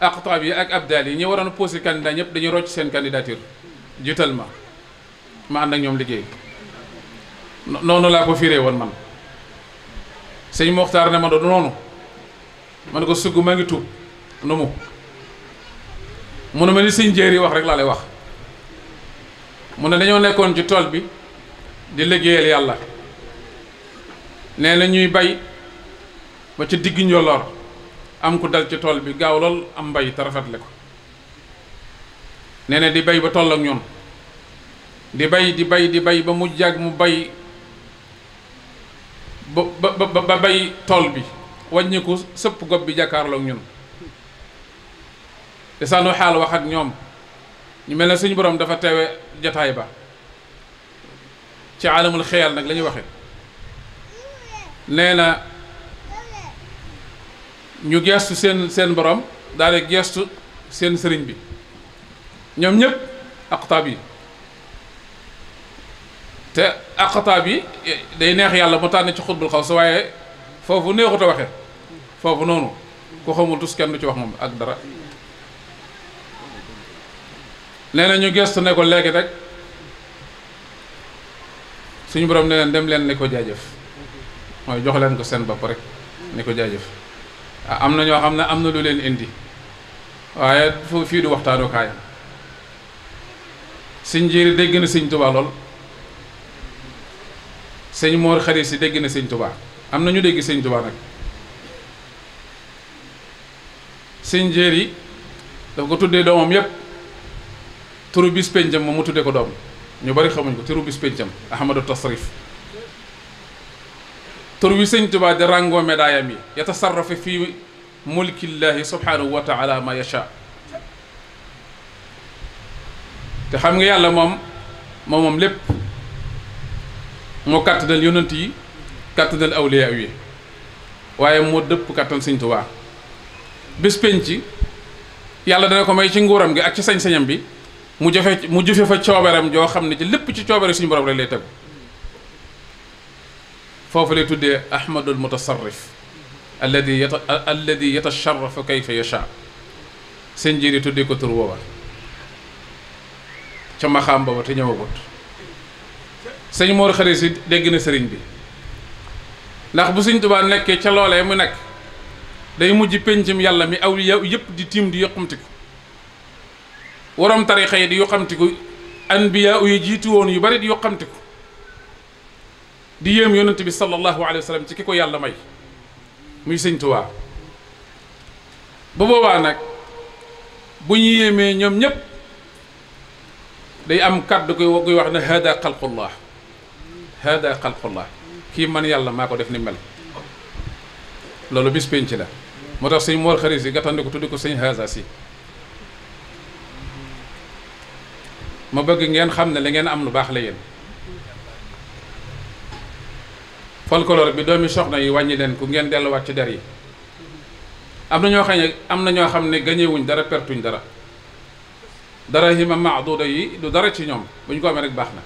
aqtaab yi ak abdal yi ñi waroon posé candidat ñëpp dañuy rocc seen candidature jiital ma ma ànd ak ñoom liggéey noonu laa ko fiire woon man sëñ Moxtaar ne ma doon noonu man ko sugg maa ngi tuub nu mu mu ne ma ni sëñ jéer yi wax rek laa lay wax mu ne dañoo nekkoon ci tool bi di liggéeyal yàlla nee na ñuy bay ba ci digg njolloor am ku dal ci tool bi gaaw lool am mbay te rafetle ko nee na di bay ba toll ak ñun di bay di bay di bay ba mu jàgg mu bay ba ba ba bay tool bi wàññiku sëpp gob bi jàkkaarloo ak ñun te sanu xaal wax ak ñoom ñu mel ne suñu boroom dafa teewe jataay ba ci alamul xeyal nag la ñuy waxe nee na ñu gestu seen seen borom daal di seen sëriñ bi ñoom ñëpp aqtaab yi te ak aqtaab yi day neex yàlla mu tànn ci xutbul xaw sa waaye foofu neexut a waxe foofu noonu ku xamul tus kenn du ci wax moom ak dara nee nañu ñu gestu ne ko léegi rek suñu boroom ne leen dem leen ne ko jaajëf mooy jox leen ko seen bopp rek ni ko jaajëf ah, am na ñoo xam ne am na lu leen indi waaye fii du waxtaanukaay sëñ Jéeri dégg na sëñ Tubaa lool sëñ Moor Xari Si dégg na sëñ Tubaa am na ñu dégg sëñ Tubaa nag sëñ Jéeri dafa ko tuddee doomam yépp turu bis pencam moom mu tuddee ko doom ñu bari xamuñ ko turu bis pencam ahmadu tasrif tur wi sëñ Tuubaa di rango médaayam yi yatasarrafu fi mulkillahi subhanahu wa ma yacha te xam nga yàlla moom moom moom lépp moo kàttanal yonent yi kàttanal awliya yi waaye moo dëpp kàttan sëñ Tuubaa bis yàlla dana ko may ci nguuram gi ak ci sañ bi mu jëfe mu jëfe fa coobaram joo xam ne ci lépp ci coobare suñu borom rek lay tegu foofu lay tuddee ahmadul mutasarrif alladi yata alladi yatasharrafu kayfa yasha seen jiir yi tuddee ko tur woowa ca maxaam booba te ñëwagut sëñ Mor xëri si dégg na sëriñ bi ndax bu sëñ Tuubaa nekkee ca loolee mu nekk day mujj péncam yàlla mi awliya yëpp di tiim di yëqumtiku waroom tarixa yi di yoxamtiku anbiya yu jiitu woon yu bari di yoxamtiku di yéem yonent bi sallallahu alayhi wa sallam ci ki ko yàlla may muy sëñ Tuubaa bu boobaa nag bu ñu yéemee ñoom ñépp day am kàdd koy koy wax ne hada xalqullah hada xalqullah kii man yàlla maa ko def ni mel loolu bis pénc la moo tax sëñ Mor Xarit si gàttandiku tudd ko sëñ hasa si ma bëgg ngeen xam ne li ngeen am lu baax la yéen folklore bi doomi soxna yi wàññi leen ku ngeen delluwaat ci der yi am na ñoo xam ne am na ñoo xam ne gañewuñ dara pertuñ dara dara yi ma maaduda yi lu dara ci ñoom bu ñu ko amee rek baax na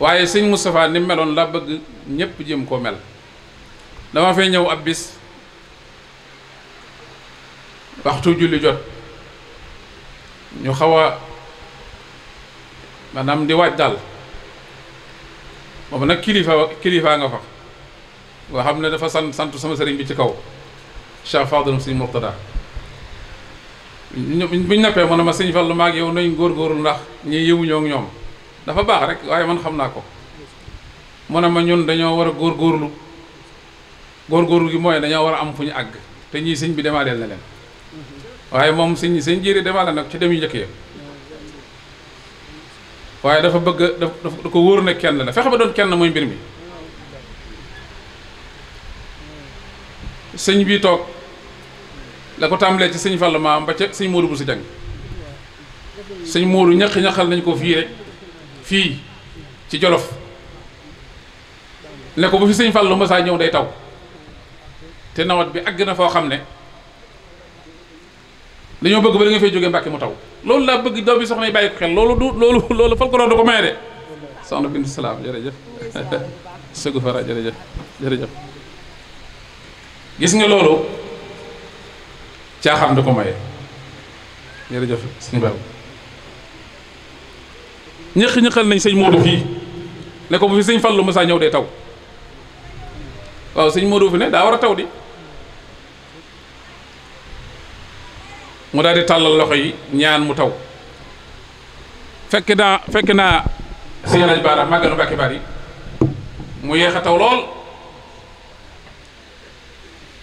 waaye sëñ mustafaa ni meloon laa bëgg ñépp jëm koo mel dama fay ñëw ab bis waxtu julli jot ñu xaw a maanaam di waaj daal moom nag kilifa kilifaa nga fa nga xam ne dafa sant sant sama sëriñ bi ci kaw Cheikh Fadal Sëriñ bu buñ nappee mu ne ma sëñ lu maag yow nañ góorgóorlu ndax ñi yëwuñoo ak ñoom dafa baax rek waaye man xam naa ko mu ne ma ñun dañoo war a góor góorgóorlu góorgóorlu gi mooy dañoo war a am fu ñu àgg te ñuy sëñ bi demaaleel na leen mhm. waaye moom sëñ sëñ jiiri demaale nag ci dem yu njëkk ya waaye dafa bëgg da da ko wóor na kenn la fexe ba doon kenn mooy mbir mi sëñ bi toog la ko tàmbalee ci sëñ Fall maam ba sëñ Modou bu si jàng sëñ Modou ñaq ñaqal nañ ko fii rek fii ci Jolof nekk ko bu fi sëñ Fall masaa ñëw day taw te nawet bi àgg na foo xam ne dañoo bëgg ba da nga jóge jógee mbàkke mu taw loolu laa bëgg daw bi soxna yi bàyyi ko xel loolu du loolu loolu fal ko doon da ko maye de soxna bintu salaam jërëjëf <laughs> sëgu fara jërëjëf jërëjëf gis nga loolu caaxam da ko maye jërëjëf suñu baaw ñëq ñëqal nañ sëñ Modou fii ne ko bu fi sëñ Fallu saa ñëw dee taw waaw sëñ Modou fi ne daa war a taw di mu daal di tàllal loxo yi ñaan mu taw fekk naa fekk naa si yeneen baaraam màggalu Mbàkke Bari mu yéex a taw lool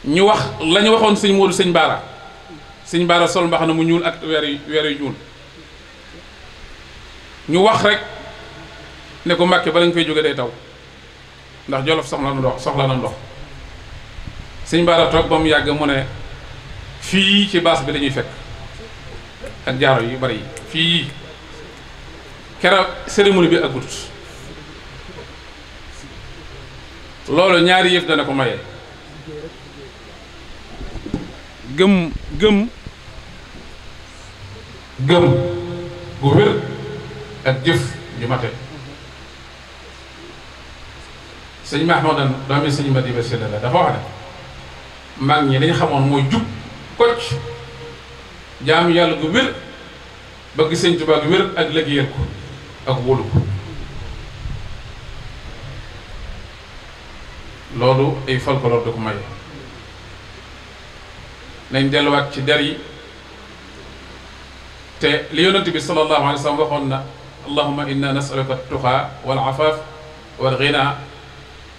ñu wax la ñu waxoon sëñ Moodu sëñ Baara sëñ Baara sol mbaxana mu ñuul ak weer yu weer yu ñuul ñu wax rek ne ko Mbàkke ba lañ koy jóge day taw ndax Jolof soxla na ndox soxla na sëñ Baara toog ba mu yàgg mu ne fii ci baas bi la ñuy fekk ak jaaro yu bari fii kero cérémonie bi ak gudut loolu ñaari yëf dana ko maye gëm gëm gëm gu wér ak jëf ju mate sëñ Mahmoudan doomi sëñ Madiba Sylla la dafa wax ne mag ñi dañ xamoon mooy jub kocc jaamu yàlla gu wér bëgg sëñ Tuubaa gu wér ak liggéeyal ko ak wóolu ko loolu ay folklore du ko may nañ delluwaat ci der yi te li yonent bi sallallahu alayhi wa sallam waxoon na allahuma inna nasaluka tuxaa wal afaaf wal xinaa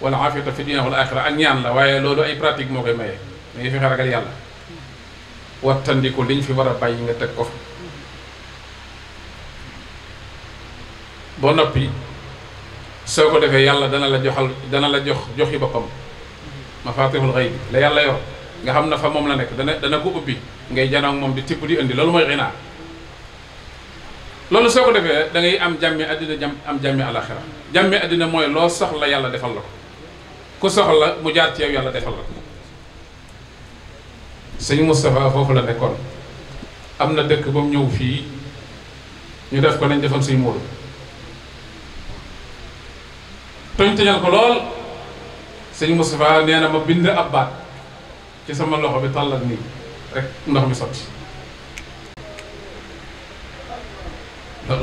wal aafiyata fi dunya wal axira ak ñaan la waaye loolu ay pratique moo koy maye da ngay fexe ragal yàlla wattandiku liñ fi war a bàyyi nga teg ko boo ba noppi soo ko defee yàlla dana la joxal dana la jox yi boppam ma mafatihul xëy bi la yàlla yor nga xam na fa moom la nekk dana dana ko ubbi ngay janoog moom di tibb di indi loolu mooy xinaa loolu soo ko defee da am jàmmi àddina jàmm am jàmmi alaxira jàmmi àddina mooy loo soxla yàlla defal la ko ku soxla mu jaar ci yàlla defal la ko sëñ Moustapha foofu la nekkoon am na dëkk ba mu ñëw fii ñu def ko nañ defoon suñ muur toñ toñal ko lool sëñ Moustapha nee na ma bind ab baat ci sama loxo bi tàllal nii rek ndox mi sotti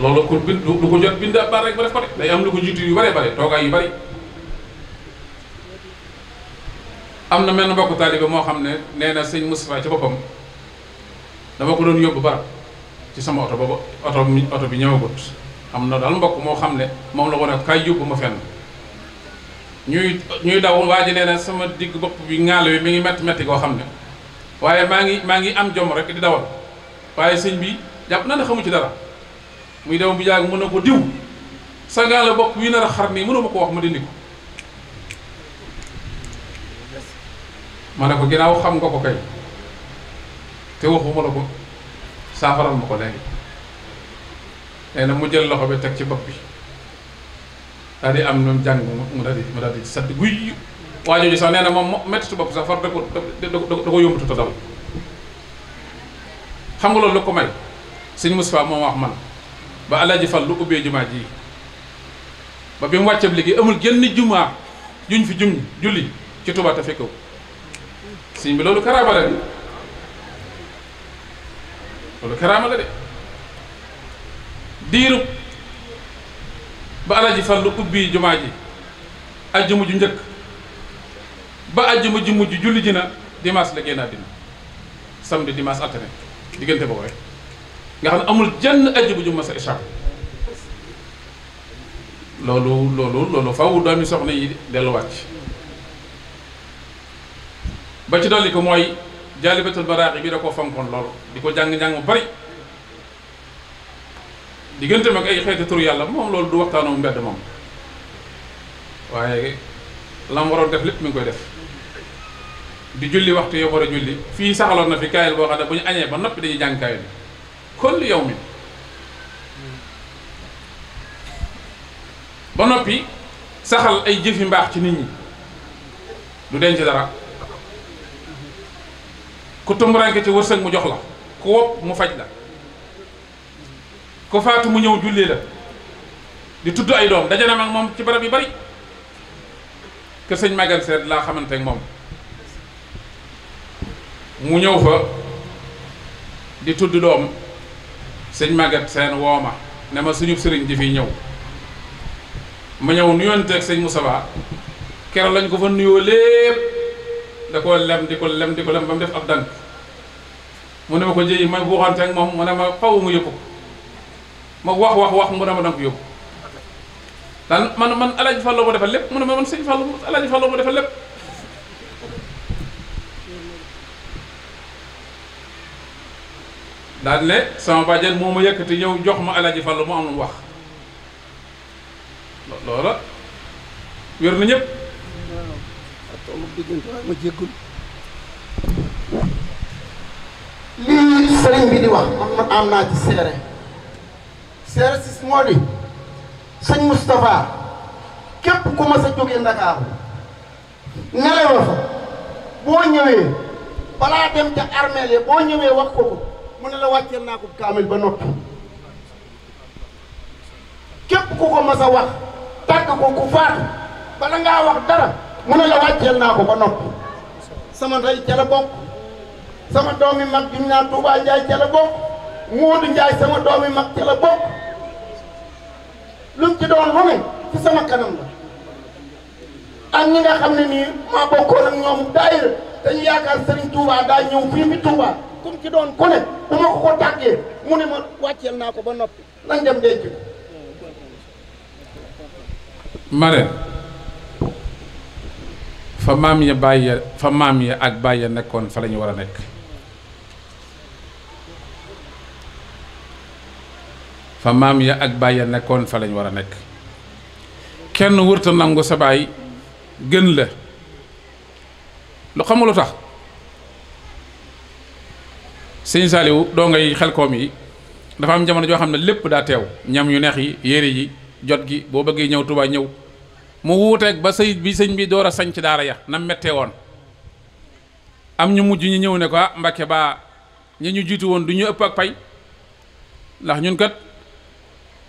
loolu ku bind du ko jot bind ab baat rek ba def ko de day am lu ko jiitu yu bare bare toogaay yu bari am na mel na mbokku taalibe moo xam ne nee na sëñ Moustapha ci boppam dama ko doon yóbbu bara ci sama oto boobu oto bi oto bi ñëwagut am na daal mbokk moo xam ne moom la war a kay yóbbu ma fenn ñuy ñuy daw waa ji nee sama digg bopp bi ŋaalo bi mi ngi métti métti koo xam ne waaye maa ngi maa ngi am jom rek di dawal waaye sëñ bi jàpp na ne xamu ci dara muy daw bi jaag mën na ko diw sa ŋaalo bopp wi nar a xar nii mënuma ko wax ma di ko ma ne ko ginnaaw xam nga ko kay te waxuma la ko saafaral ma ko léegi nee na mu jël loxo bi teg ci bopp bi daal am ñoom jàng mu daal mu daal di sadd guy waa jooju sax nee na moom méttitu bopp sax far da ko da da ko xam nga loolu lu ko may sëñ Moustapha moom wax man ba Alaaji fal lu ubbee jumaa ji ba bi mu wàccee liggéey amul genn jumaa juñ fi jum julli ci Tuubaa te sëñ bi loolu karaama la de loolu karaama la de diiru ba alaji fallu ubbi jumaa ji ajjuma ju njëkk ba ajjuma ju mujj julli ji na dimanche la génn àddina samedi dimanche alterné diggante boobu rek nga xam ne amul jenn ajjuma ju mas a échappé loolu loolu loolu faw doomi soxna yi delluwaat ci ba ci dolli ko mooy jaalibatul baraaxi bi da koo fonkoon loolu di ko jàng-jàng mu bari diggante mag ay xeeti tur yàlla moom loolu du waxtaanoo mbedd moom waaye lam waroon def lépp mi ngi koy def di julli waxtu yow war a julli fii saxaloon na fi kaayal boo xam ne bu ñu añee ba noppi dañuy jàng kaayal kon yow mi ba noppi saxal ay jëfi mbaax ci nit ñi du denc dara ku tumburanke ci wërsëg mu jox la ku mu faj la ko faatu mu ñëw julli la di tudd ay doom daje moom ci barab yu bari kër sëñ Maguette Sène laa xamante ak moom mu ñëw fa di tudd doom sëñ Maguette seen woo ma ne ma suñu sëriñ di fi ñëw mu ñëw nuyoonteeg sëñ Moussa Ba lañ ko fa nuyoo lépp da koo lem di ko lem di ko lem ba mu def ab dànk mu ne ma ko jëyi ma buuxante ak moom mu ne ma faw mu yóbbu ko ma wax wax wax mu ne ma danga ko yóbbu daan man man alaaji fàlloo ma lépp mu ne ma man sëñ fàllu alaaji fàlloo ma defal daal ne sama bàjjen moo ma yëkkati ñëw jox ma alaaji fàllu mu am lu wax loola wér na ñëpp tollu diggante lii sëriñ bi di wax man man am naa ci seere seere si moo di sëñ Moustapha képp ku ma sa jógee Ndakaaru nelewa fa boo ñëwee balaa dem ca armeel ya boo ñëwee wax ko ko mu ne la wàcceel naa ko kaamil ba noppi képp ku ko mas a wax tàkk ko ku faatu bala ngaa wax dara mu la wàcceel naa ko ba noppi sama ndey ca la bokk sama doomi mag juñ naa Touba Ndiaye ca la bokk Moodu Ndiaye sama doomi mag ca la bokk ci doon lu ci sama kanam la ak ñi nga xam ne nii maa bokkoon ak ñoom daayira dañu yaakaar Serigne Touba daa ñëw fii mi Touba kum ci doon ku ne ko ko tàggee mu ne ma wàcceel naa ko ba noppi nañ dem denc. Mare. fa maam ya baay fa maam ya ak baay ya nekkoon fa la ñu war a nekk fa maam ya ak baay nekkoon fa la war a nekk kenn wërta nangu sa baay gën la lu xamul lu tax sëñ Saliou doo ngay xel koom yi dafa am jamono joo xam ne lépp daa teew ñam yu neex yi yére yi jot gi boo bëggee ñëw Tuubaa ñëw mu wuuteeg ba sëy bi sëñ bi door a ci daara ya nam mettee woon am ñu mujj ñu ñëw ne ko ah Mbàkke baa ñi ñu jiitu woon du ñu ëpp ak pay ndax ñun kat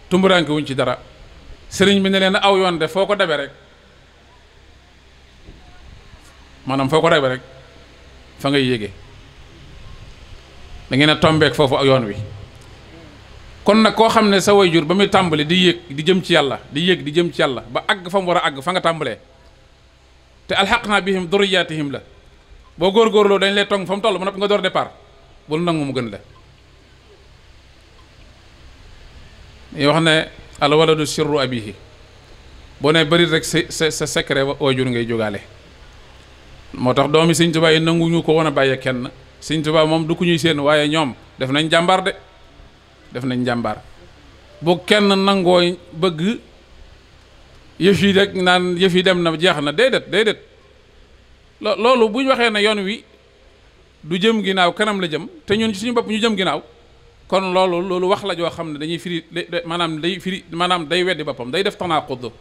tumburanke ci dara sëriñ bi ne leen aw yoon de foo ko dabe rek maanaam foo ko dabe rek fa ngay yéege da ngeen a tombeek foofu yoon wi kon nag koo xam ne sa wayjur ba muy tàmbali di yéeg di jëm ci yàlla di yéeg di jëm ci yàlla ba àgg fa mu war a àgg fa nga tàmbalee te alxaq naa bihim duriyatihim la boo góorloo dañ lay tong fa mu toll ba noppi nga door départ bul nangu mu gën la ñuy wax ne al waladu sirru abihi boo ne barit rek sa sa secret wayjur ngay jógaale moo tax doomi sëñ Tuubaa yi nanguñu ko woon a bàyyee kenn sëñ Tuubaa moom du ku ñuy séen waaye ñoom def nañ jàmbaar de def nañ njàmbaar bu kenn nangoo bëgg yëf yi rek naan yëf yi dem na jeex na day déedéet déedéet lo loolu bu ñu waxee ne yoon wi du jëm ginnaaw kanam la jëm te ñun suñu bopp ñu jëm ginaaw kon loolu loolu wax la joo xam ne dañuy firi maanaam day firi maanaam day weddi boppam day def tanaqud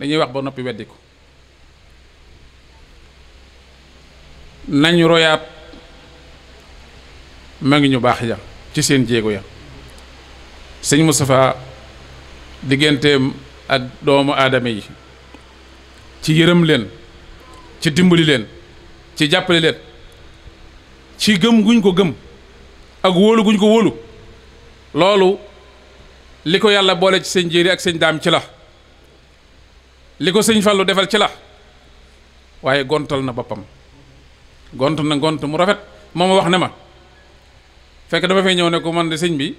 dañuy wax ba noppi weddi ko nañu royaat ma ngi ñu baax ja ci seen jéego ya sëñ Moustapha digganteem ak doomu aadama yi ci yërëm leen ci dimbali leen ci jàppale leen ci gëm guñ ko gëm ak wóolu guñ ko wóolu loolu li ko yàlla boole ci sëñ jéeri ak sëñ daam ci la li ko sëñ Fallou defal ci la waaye gontal na boppam gont na gont mu rafet moom wax ne ma fekk dama fee ñëw ne ko man de sëñ bi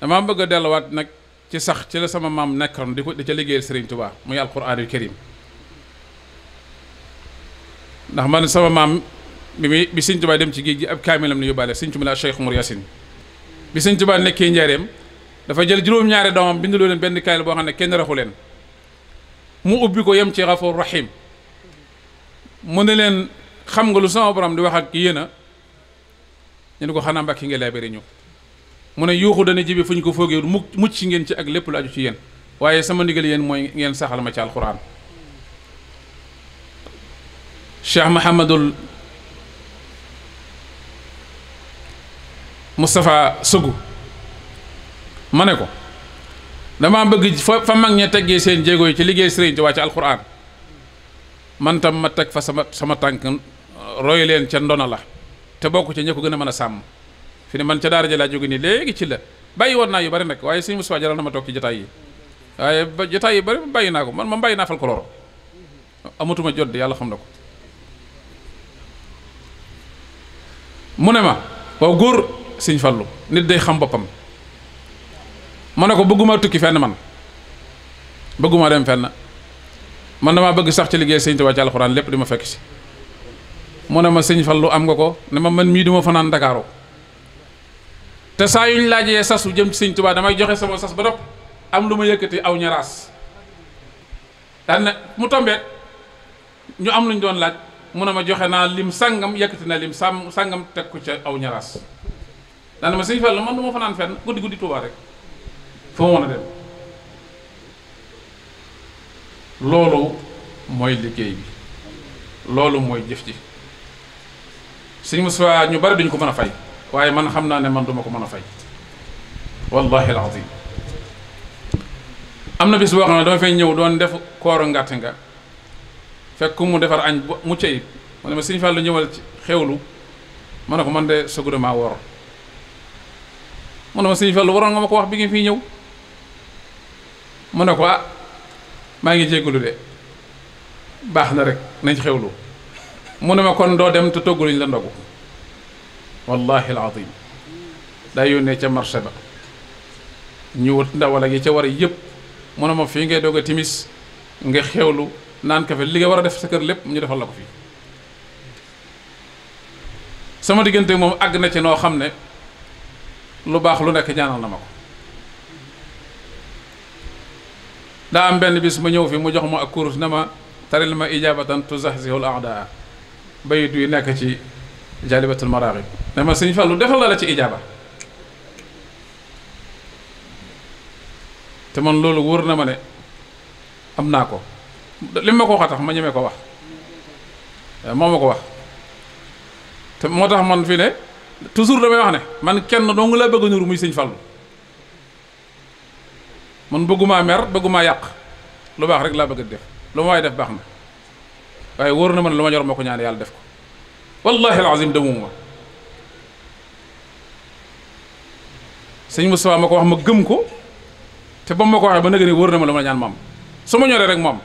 damaa bëgg a delluwaat nag ci sax ci la sama maam nekkoon di ko di ca liggéeyal Serigne Touba muy alquranul karim ndax man sama maam bi muy bi Serigne Touba dem ci géej gi ab kaamilam la yóbbaale Serigne Touba Cheikh bi Serigne Touba nekkee njaareem dafa jël juróom-ñaari doomam bindaloo leen benn kaamil boo xam ne kenn raxu leen mu ubbi ko yem ci Gafuur Rahim mu ne leen xam nga lu sama borom di wax ak yéen ñu ne ko xanaa mbàkki nga laabere ñu. mu ne yuuxu dana jibe fu ñu ko foogee mu mucc ngeen ci ak lépp lu aju ci yéen waaye sama ndigal yéen mooy ngeen saxal ma ci alxuraan cheikh mahamadul moustapha sugu ma ne ko dama bëgg fa fa mag ña teggee seen jéego yi ci liggéey sëriñ ci waa ci alxuraan man tam ma teg fa sama sama tànk roy leen ca ndona la te bokk ca ña ko gën a mën a sàmm fi ne man ca daara ja laa jóge nii léegi ci la bàyyi woon naa yu bari nag waaye sëñ Moustapha jaral na ma toog ci jotaay yi waaye ba jotaay yu bari bàyyi naa ko man ma bàyyi naa fal ko loro amatuma yàlla xam na ko mu ne ma waaw góor sëñ Fallu day xam boppam ma ne ko bëgguma tukki fenn man bëgguma dem fenn man damaa bëgg sax ci liggéey sëñ Tuubaa lépp di ma fekk si mu ne ma sëñ am nga ko ne ma man mii du ma fanaan Ndakaaru te saa yuñ laaj sas wu jëm ci sëñ Tuubaa damay joxe sama sas ba nopp am lu ma yëkkati aw ñaraas daan mu tombee ñu am luñ doon laaj mu ne ma joxe naa lim sàngam yëkkati naa lim sàmm sàngam teg ko ca aw ñaraas daan na ma sëñ Fallu man du fanaan fenn guddi guddi Tuubaa rek fa ma mën a dem loolu mooy liggéey bi loolu mooy jëf ji sëñ Moussa ñu bari duñ ko mën a fay waaye man xam naa ne man duma ko mën a fay wallahi alazim am na bis boo xam ne dama fay ñëw doon def kooru ngàtt nga fekk mu defar añ mu ceyib mu ne ma sëñ Fallu ñëwal ci xewlu ma ne ko man de segudement wor mu ne ko wax bi nga fii ñëw mu ne ko ah maa ngi jégalu de baax na rek nañ xewlu mu ne ma kon doo dem te toggaluñ la ndogu wallahi alazim daa yónnee ca marché ba ñu wut ndawal ak yi ca war a yëpp mu ma fii ngay doog timis nga xewlu naan kafe li nga war a def sa kër lépp ñu defal la ko fii sama diggante moom àgg na ci noo xam ne lu baax lu nekk ñaanal na ma ko daa am benn bis ma ñëw fii mu jox ma ak kurus na ma taril ma ijabatan tuzahzihul a'daa bayit yu nekk ci jalibatul maraaxib dama sëñ lu defal na la ci ijaaba te man loolu wóor na ma ne am naa ko li ma ko wax a tax ma ñemee ko wax eh, moom ma ko wax te moo tax man fi ne toujours damay wax ne man kenn dong laa bëgg nuru muy sëñ Fallou man bëggumaa mer bëggumaa yàq lu baax rek laa bëgg def lu ma waaye def baax na waaye wóor na ma ne lu ma ñor moo ko ñaan yàlla def ko wallahi alazim demuma sëñ Moustapha ma ko wax ma gëm ko te ba ma ko waxee ba nag ni wóor na ma la ma ñaan maam su ma ñoree rek moom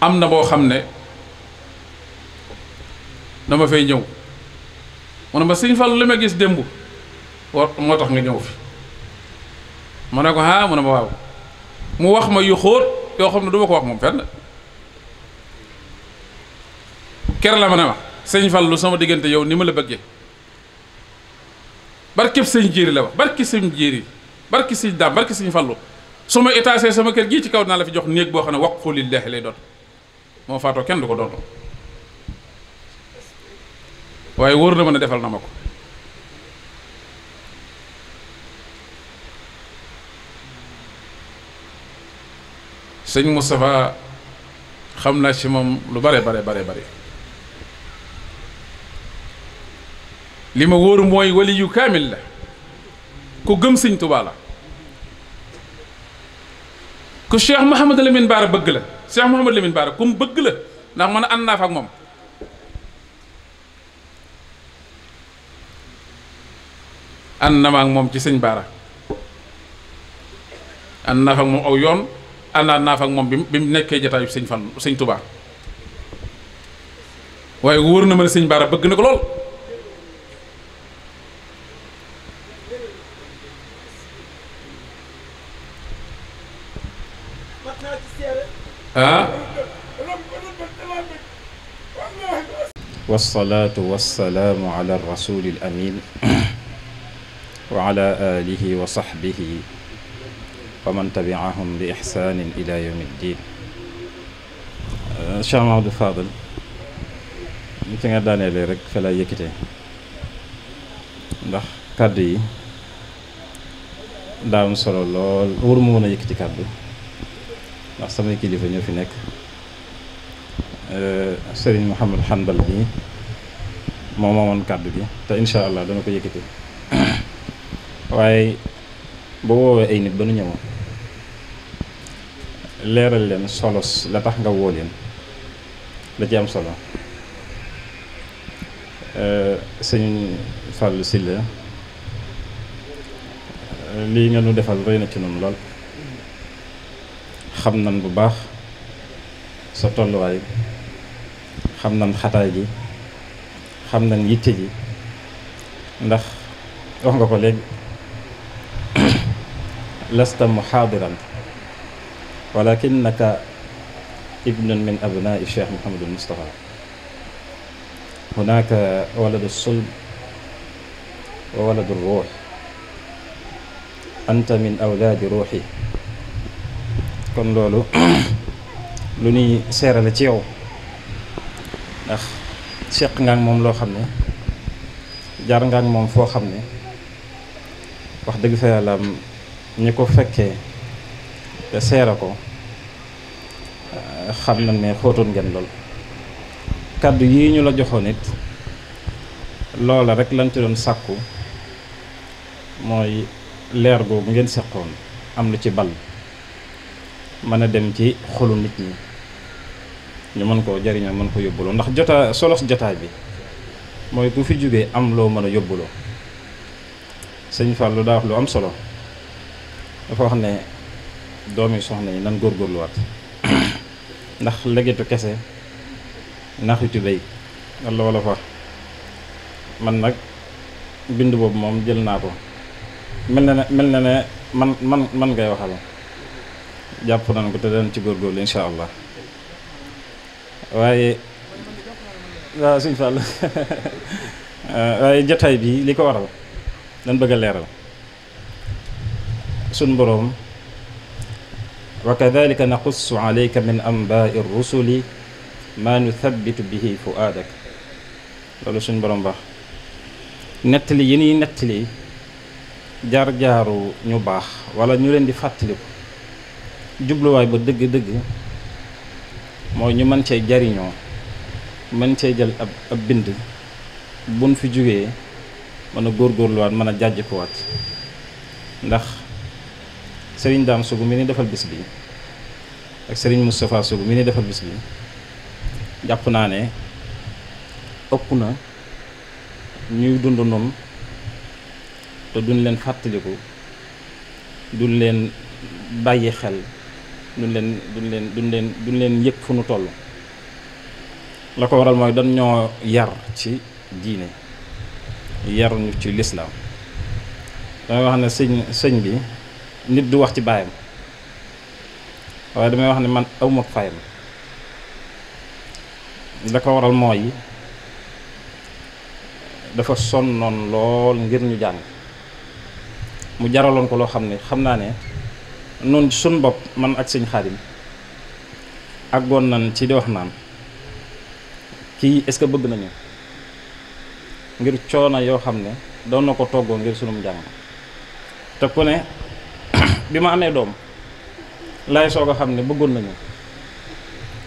am na boo xam ne dama fay ñëw mu ne ma sëñ Fall li ma gis démb war moo tax nga ñëw fi ma ne ko ah mu ne ma waaw mu wax ma yu xóot yoo xam ne du ma ko wax moom fenn. ker la ma ne ma sëñ Fallou sama diggante yow ni ma la bëggee barkib sëñ Jéeri la wax barki sëñ Jéeri barki sëñ Daam barki sëñ Fallou su ma étasé sama kër gii ci kaw naa la fi jox néeg boo xam ne waqfu lillaahi lay doon moo faatoo kenn du ko doon waaye wóor na ma ne defal na ma ko sëñ Moustapha xam naa ci moom lu bare bare bare bare li ma wóoru mooy wali yu kaamil la ku gëm sëñ Tuubaa la ku Cheikh Mouhamad Lamine Baara bëgg la Cheikh Mouhamad Lamine Baara ku mu bëgg la ndax man ànd naa fa moom ànd na moom ci sëñ Baara ànd naa fa ak moom aw yoon àndaat naa fa moom bi bi nekkee jataayu sëñ fan sëñ Tuubaa waaye wóor na ma ne sëñ Baara bëgg na ko lool. ah wasalaatu wasalaamu ala rasuli al amin wa ala alihi wa sahbihi wa man tabiahum bi ixsanin ila yawmi ddin Cheikh Mahamadou Fadal ñi ci nga daaneele rek fa lay yëkkite ndax kàddu yi daam solo lool wóor mu mën a yëkkati kàddu ndax samay kilifa ñoo fi nekk euh, Serigne Mouhamed Hanbal bi moom moomoon kàddu bi te incha allah dana ko yëkkati <coughs> waaye ba woowee ay nit ba nu ñëwoon leeral leen solos la tax nga woo leen da ci am solo euh, sëñ Fallou Sylla lii nga nu defal rëy na ci noonu lool xam nan bu baax sa tolluwaay xam nan xataay gi xam nan yitte ji ndax wax nga ko léegi <coughs> lasta muhaadiran walakinnaka ibnun min abnaa'i cheikh Mouhamadul Moustapha hunaka waladu sulb wa waladu ruux anta min awlaadi ruuxi kon loolu lu ñuy seerale ci yow ndax seq nga ak moom loo xam ne jaar nga ak moom foo xam ne wax dëgg fa yàlla ñi ko fekkee te seera ko xam na ne xootoon ngeen lool kàddu yi ñu la joxoo it loola rek lañ ci doon sàkku mooy leer googu ngeen seqoon am lu ci ball mën a dem ci xolu nit ñi ñu mën koo jariñoo mën ko yóbbuloo ndax jotaa solos jotaay bi mooy bu fi jógee am loo mën a yóbbuloo sëñ Fallou daa wax lu am solo dafa wax ne doomi soxna yi nan góor góorgóorluwaat <coughs> ndax legetu kese naxitu béy walla walla fa man nag bind boobu moom jël naa ko mel na ne mel na ne man man man ngay waxal jàpp nañ ko te danañ ci góorgóorlu incha allah waaye waaw suñ fàll <laughs> li ko waral dañ bëgg a leeral suñ boroom wa kadalika naqussu alayka min anbaai rusuli maa nuthabitu bihi fuaadak loolu suñ boroom wax nettali yi ñuy nettali jaar jaaru ñu baax wala ñu leen di fàttaliku jubluwaay ba dëgg-dëgg mooy ñu mën cee jariñoo mën cee jël ab ab bind buñ fi jógee mën a góorgóorluwaat mën a jàjjikuwaat ndax sëriñ Daam Sougou mi ni defal bis bi ak sëriñ Moustapha Sougou mi ni defal bis bi jàpp naa ne ëpp na ñuy dund noonu te duñ leen fàttaliku duñ leen bàyyi xel duñ leen duñ leen dun leen duñ leen yëg fu nu toll la ko waral mooy dañ ñoo yar ci diine yaruñu ci lislaam damay wax ne sëñ sëñ bi nit du wax ci baayam waaye damay wax ne man awma fayam la ko waral mooy dafa sonnoon lool ngir ñu jàng mu jaraloon ko loo xam ne xam naa ne noonu ci suñ bopp man ak sëñ ak àggoon nañ ci di wax naan kii est-ce que bëgg nañu ngir coono yoo xam ne doon na ko toggoo ngir sunum jamono te ku <coughs> bi ma amee doom lay soog a xam ne bëggoon nañu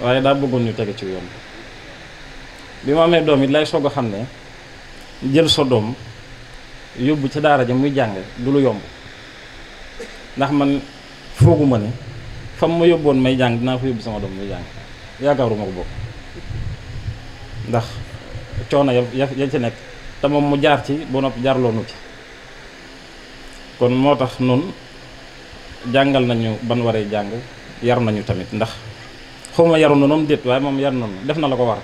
waaye daa bëggoon ñu tege ci yoon bi ma amee doom yi lay soog a xam ne jël sa doom yóbbu ci daara ja muy jàng du lu yomb ndax man fooguma ni fam ma yóbboon may jàng dinaa fa yóbbu sama doom muy jàng yaakaaruma ko bokk ndax coono ya ya ci nekk te moom mu jaar ci ba noppi jaar loonu ci kon moo tax nun jàngal nañu ban waree jàng yar nañu tamit ndax xawma yaru na noonu déet waaye moom yar na def na la ko war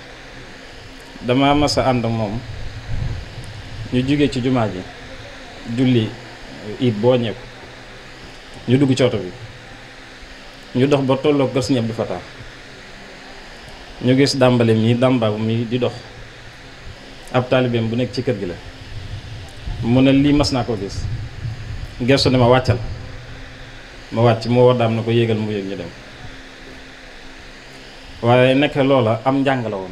dama mas a ànd moom ñu jóge ci jumaa ji julli it boo ñeeku ñu dugg ci oto bi ñu dox ba tolloog kër Sëriñ Abdou Fatah ñu gis dàmbale mi dàmbaabu mi di dox ab taalibeem bu nekk ci kër gi la mu ne lii mas naa ko gis gersu ne ma wàccal ma wàcc moo war daam na ko yéegal mu yéeg ñu dem waaye nekk loola am njàng la woon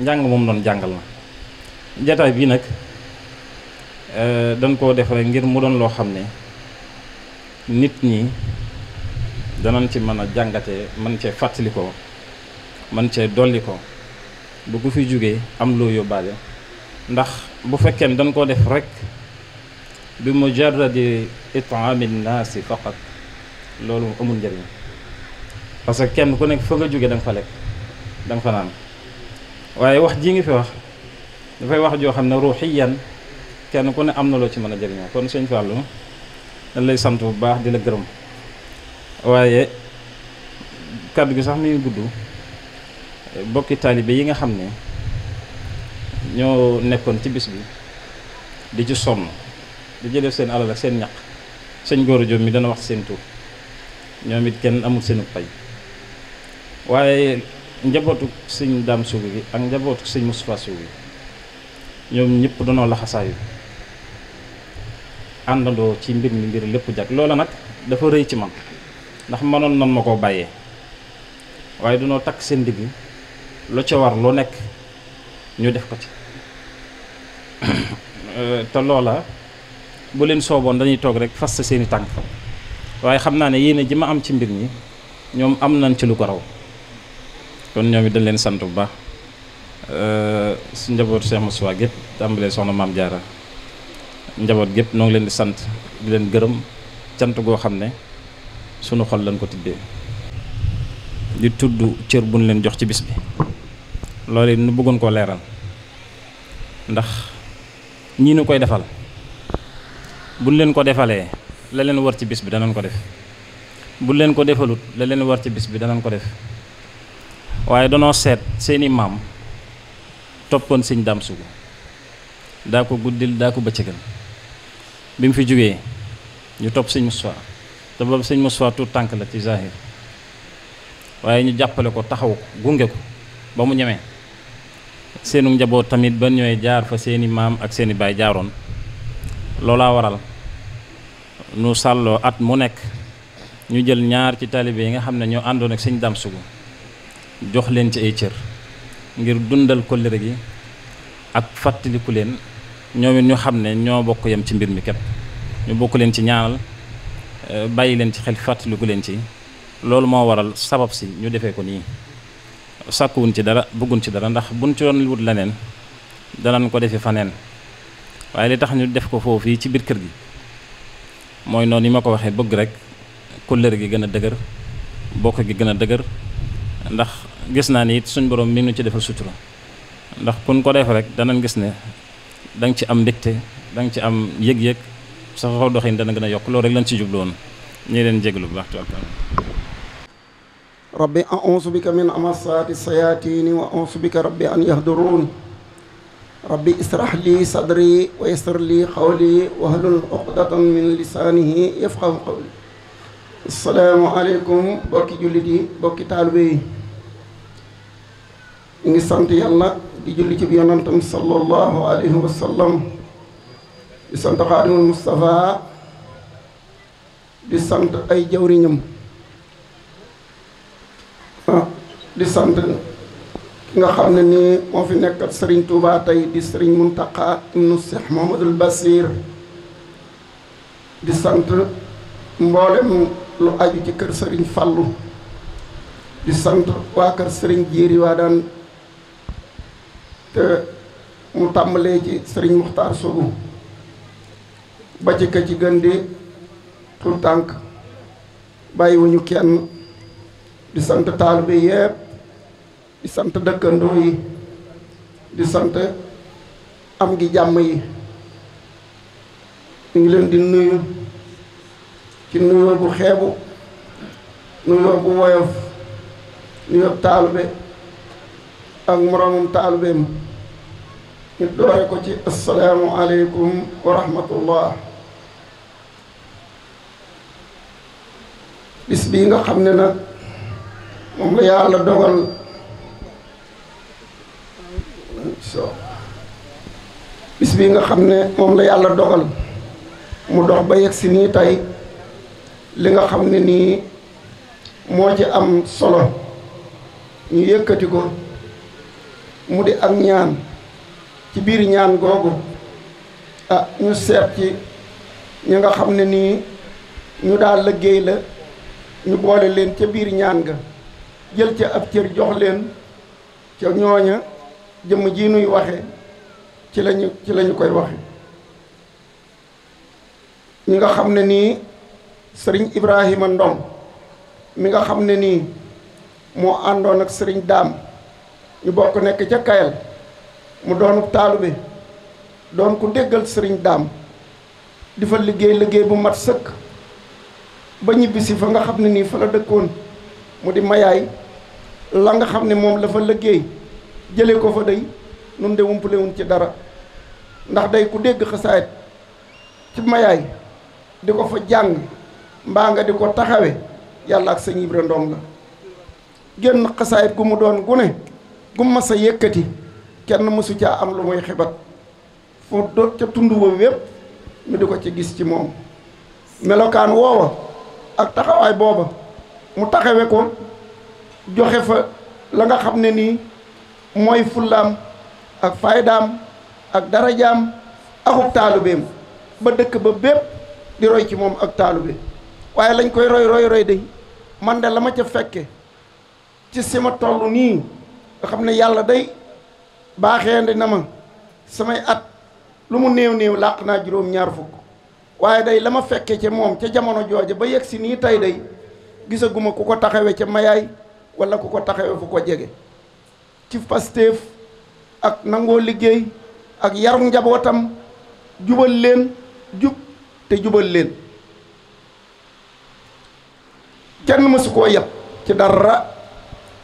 njàng moom doon jàngal na jataay bii nag eh, dañ koo def rek ngir mu doon loo xam ne nit ñi danañ ci mën a jàngatee mën cee fàttalikoo ko mën cee dolli ko fi jógee am loo yóbbaale ndax bu fekkee ne dañ koo def rek bi mujarradi itaami naasi faqat loolu amul njëriñ parce que kenn ku nekk foo nga jógee danga fa lekk da fa naan waaye wax jii ngi fi wax dafay wax joo xam ne ruuxiyan kenn ku ne am na loo ci mën a jëriñoo kon sëñ Fallou dañ lay sant bu baax dina gërëm waaye kàddu gi sax muy gudd bokki taalibe yi nga xam ne ñoo nekkoon ci bis bi di ci sonn di ci def seen alal ak seen ñaq sëñ a Diop mi dana wax seen tur ñoom it kenn amul seenu pay waaye njabootu sëñ daam Sougou gi ak njabootu sëñ Moustapha Sougou gi ñoom ñëpp danoo laxasaayu àndandoo ci mbir mi mbir lépp jag loola nag dafa rëy ci man ndax manoon nan ma koo bàyyee waaye dunoo takk seen digg lu ca war lu nekk ñu def ko ci <coughs> te loola bu leen sooboon dañuy toog rek fas seeni tànk waaye xam naa ne yéene ji ma am ci mbir mi ñoom am nañ ci lu ko raw kon ñoom it dañ leen sant bu baax euh, su njabootu Cheikh Moussa gépp tàmbalee soxna maam Jaara njaboot gépp noo ngi leen di sant di leen gërëm cant goo xam ne sunu xol lañ ko tibbee di tudd cër buñ leen jox ci bis bi loolu nu bëggoon koo leeral ndax ñii nu koy defal buñ leen ko defalee la leen war ci bis bi danañ ko def buñ leen ko defalut la leen war ci bis bi danañ ko def waaye danoo seet seeni maam toppoon sëñ Daam Sugu daa ko guddil daa ko bëccëgal bi mu fi jógee ñu topp sëñ Moustapha te boobu sëñ Moustapha tuut tànk la ci zahir waaye ñu jàppale ko taxaw gunge ko ba mu ñemee seenu njaboot tamit ba ñooy jaar fa seeni maam ak seeni baay jaaroon loolaa waral nu sàlloo at mu nekk ñu jël ñaar ci taalibe yi nga xam ne ñoo àndoon ak sëñ Dame Sougou jox leen ci ay cër ngir dundal kóllëre gi ak fàttaliku leen ñoom it ñu xam ne ñoo bokk yem ci mbir mi képp ñu bokk leen ci ñaanal euh, bàyyi leen ci xel fàttaliku leen ci loolu moo waral sabab si ñu defee ko nii sàkkuwuñ ci dara bëgguñ ci dara ndax buñ ci doon wut leneen danañ ko defee faneen waaye li tax ñu def ko foofu ci biir kër gi mooy noonu yi ma ko waxee bëgg rek kóllëre gi gën a dëgër bokk gi gën a dëgër ndax gis naa ni it suñ borom mi ngi ci defal sutura ndax kun ko def rek danañ gis ne da nga ci am mbégte da nga ci am yëg-yëg sa xaw doxin dana gën a yokk loolu rek lañ ci jublu woon ñii leen jéglu bu baax ci waxtaan rabbi a'uuzu bika min amasaati sayaatiini wa a'uuzu bika rabbi an yahduruun rabbi israh li sadri wa yassir li xawli wahlul uqdatan min lisaanihi yafqahu qawli assalaamu aleykum bokki jullit yi bokki taalibe yi ñu ngi sant yàlla di julli ci yonantam sallallahu alayhi wa di sant xaadimul Moustapha di sant ay jëwriñam ah, di sant ki nga xam ne nii moo fi nekkat Serigne Touba tey di Serigne Mountakha ibnu Cheikh Mouhamadoul Bassir di sant mboolem lu aju ci kër sëriñ Fallou di sant waa kër Serigne Jéeri waa daan te mu tàmbalee ci sëriñ Muxtaar Sogu ba ci ka ci gën di tout tànk bàyyiwuñu kenn di sant taalibe yépp di sant dëkkandoo yi di sant am gi jàmm yi ñu ngi leen di nuyu ci nuyoo bu xeebu nuyoo bu woyof nuyoo taalibe ak moroomum taalibeem ñu doore ko ci asalaamu aleykum wa bis bii nga xam ne nag moom la yàlla dogal bii nga xam ne moom la yàlla dogal mu dox ba yegg si nii tey li nga xam ne nii moo ci am solo ñu yëkkati ko mu di ak ñaan ci biir ñaan googu ah ñu seet ci ñi nga xam ne nii ñu daal liggéey la ñu boole leen ca biir ñaan ga jël ca ab cër jox leen ca ñooña jëmm ji nuy waxe ci lañu ci koy waxe ñi nga xam ne nii sëriñ Ibrahima Ndong mi nga xam ne nii moo àndoon ak sëriñ Daam ñu bokk nekk ca kayal mu doon taalube doon ku déggal sëriñ daam di fa liggéey liggéey bu mat sëkk ba ñibbisi fa nga xam ne nii fa la dëkkoon mu di mayaay la nga xam ne moom la fa liggéey jële ko fa day nun de wumpalewun ci dara ndax day ku dégg xasaayit ci mayaay di ko fa jàng mbaa nga di ko taxawe yàlla ak sëñ Ibra Ndong la génn xasaayit gu mu doon gune gum mas a kenn mësu ca am lu muy xibat fu do ca tund wa wépp ñu di ko ci gis ci moom melokaan woowa ak taxawaay booba mu taxawe ko joxe fa la nga xam ne nii mooy fullaam ak faydaam ak darajaam axub taalubeem ba dëkk ba bépp di roy ci moom ak taalube waaye lañ koy roy roy roy de man de la ma ca fekke ci sima tollu nii nga xam na yàlla day baaxeende na ma samay at lu mu néew néew làq naa juróom-ñaar fukk waaye day la ma fekke ci moom ca jamono jooja ba yegg si nii tey day gisaguma ku ko taxawe ca mayaay wala ku ko taxawe fu ko jege ci Pastef ak nangoo liggéey ak yaru njabootam jubal leen jub te jubal leen kenn mësu koo yab ci dara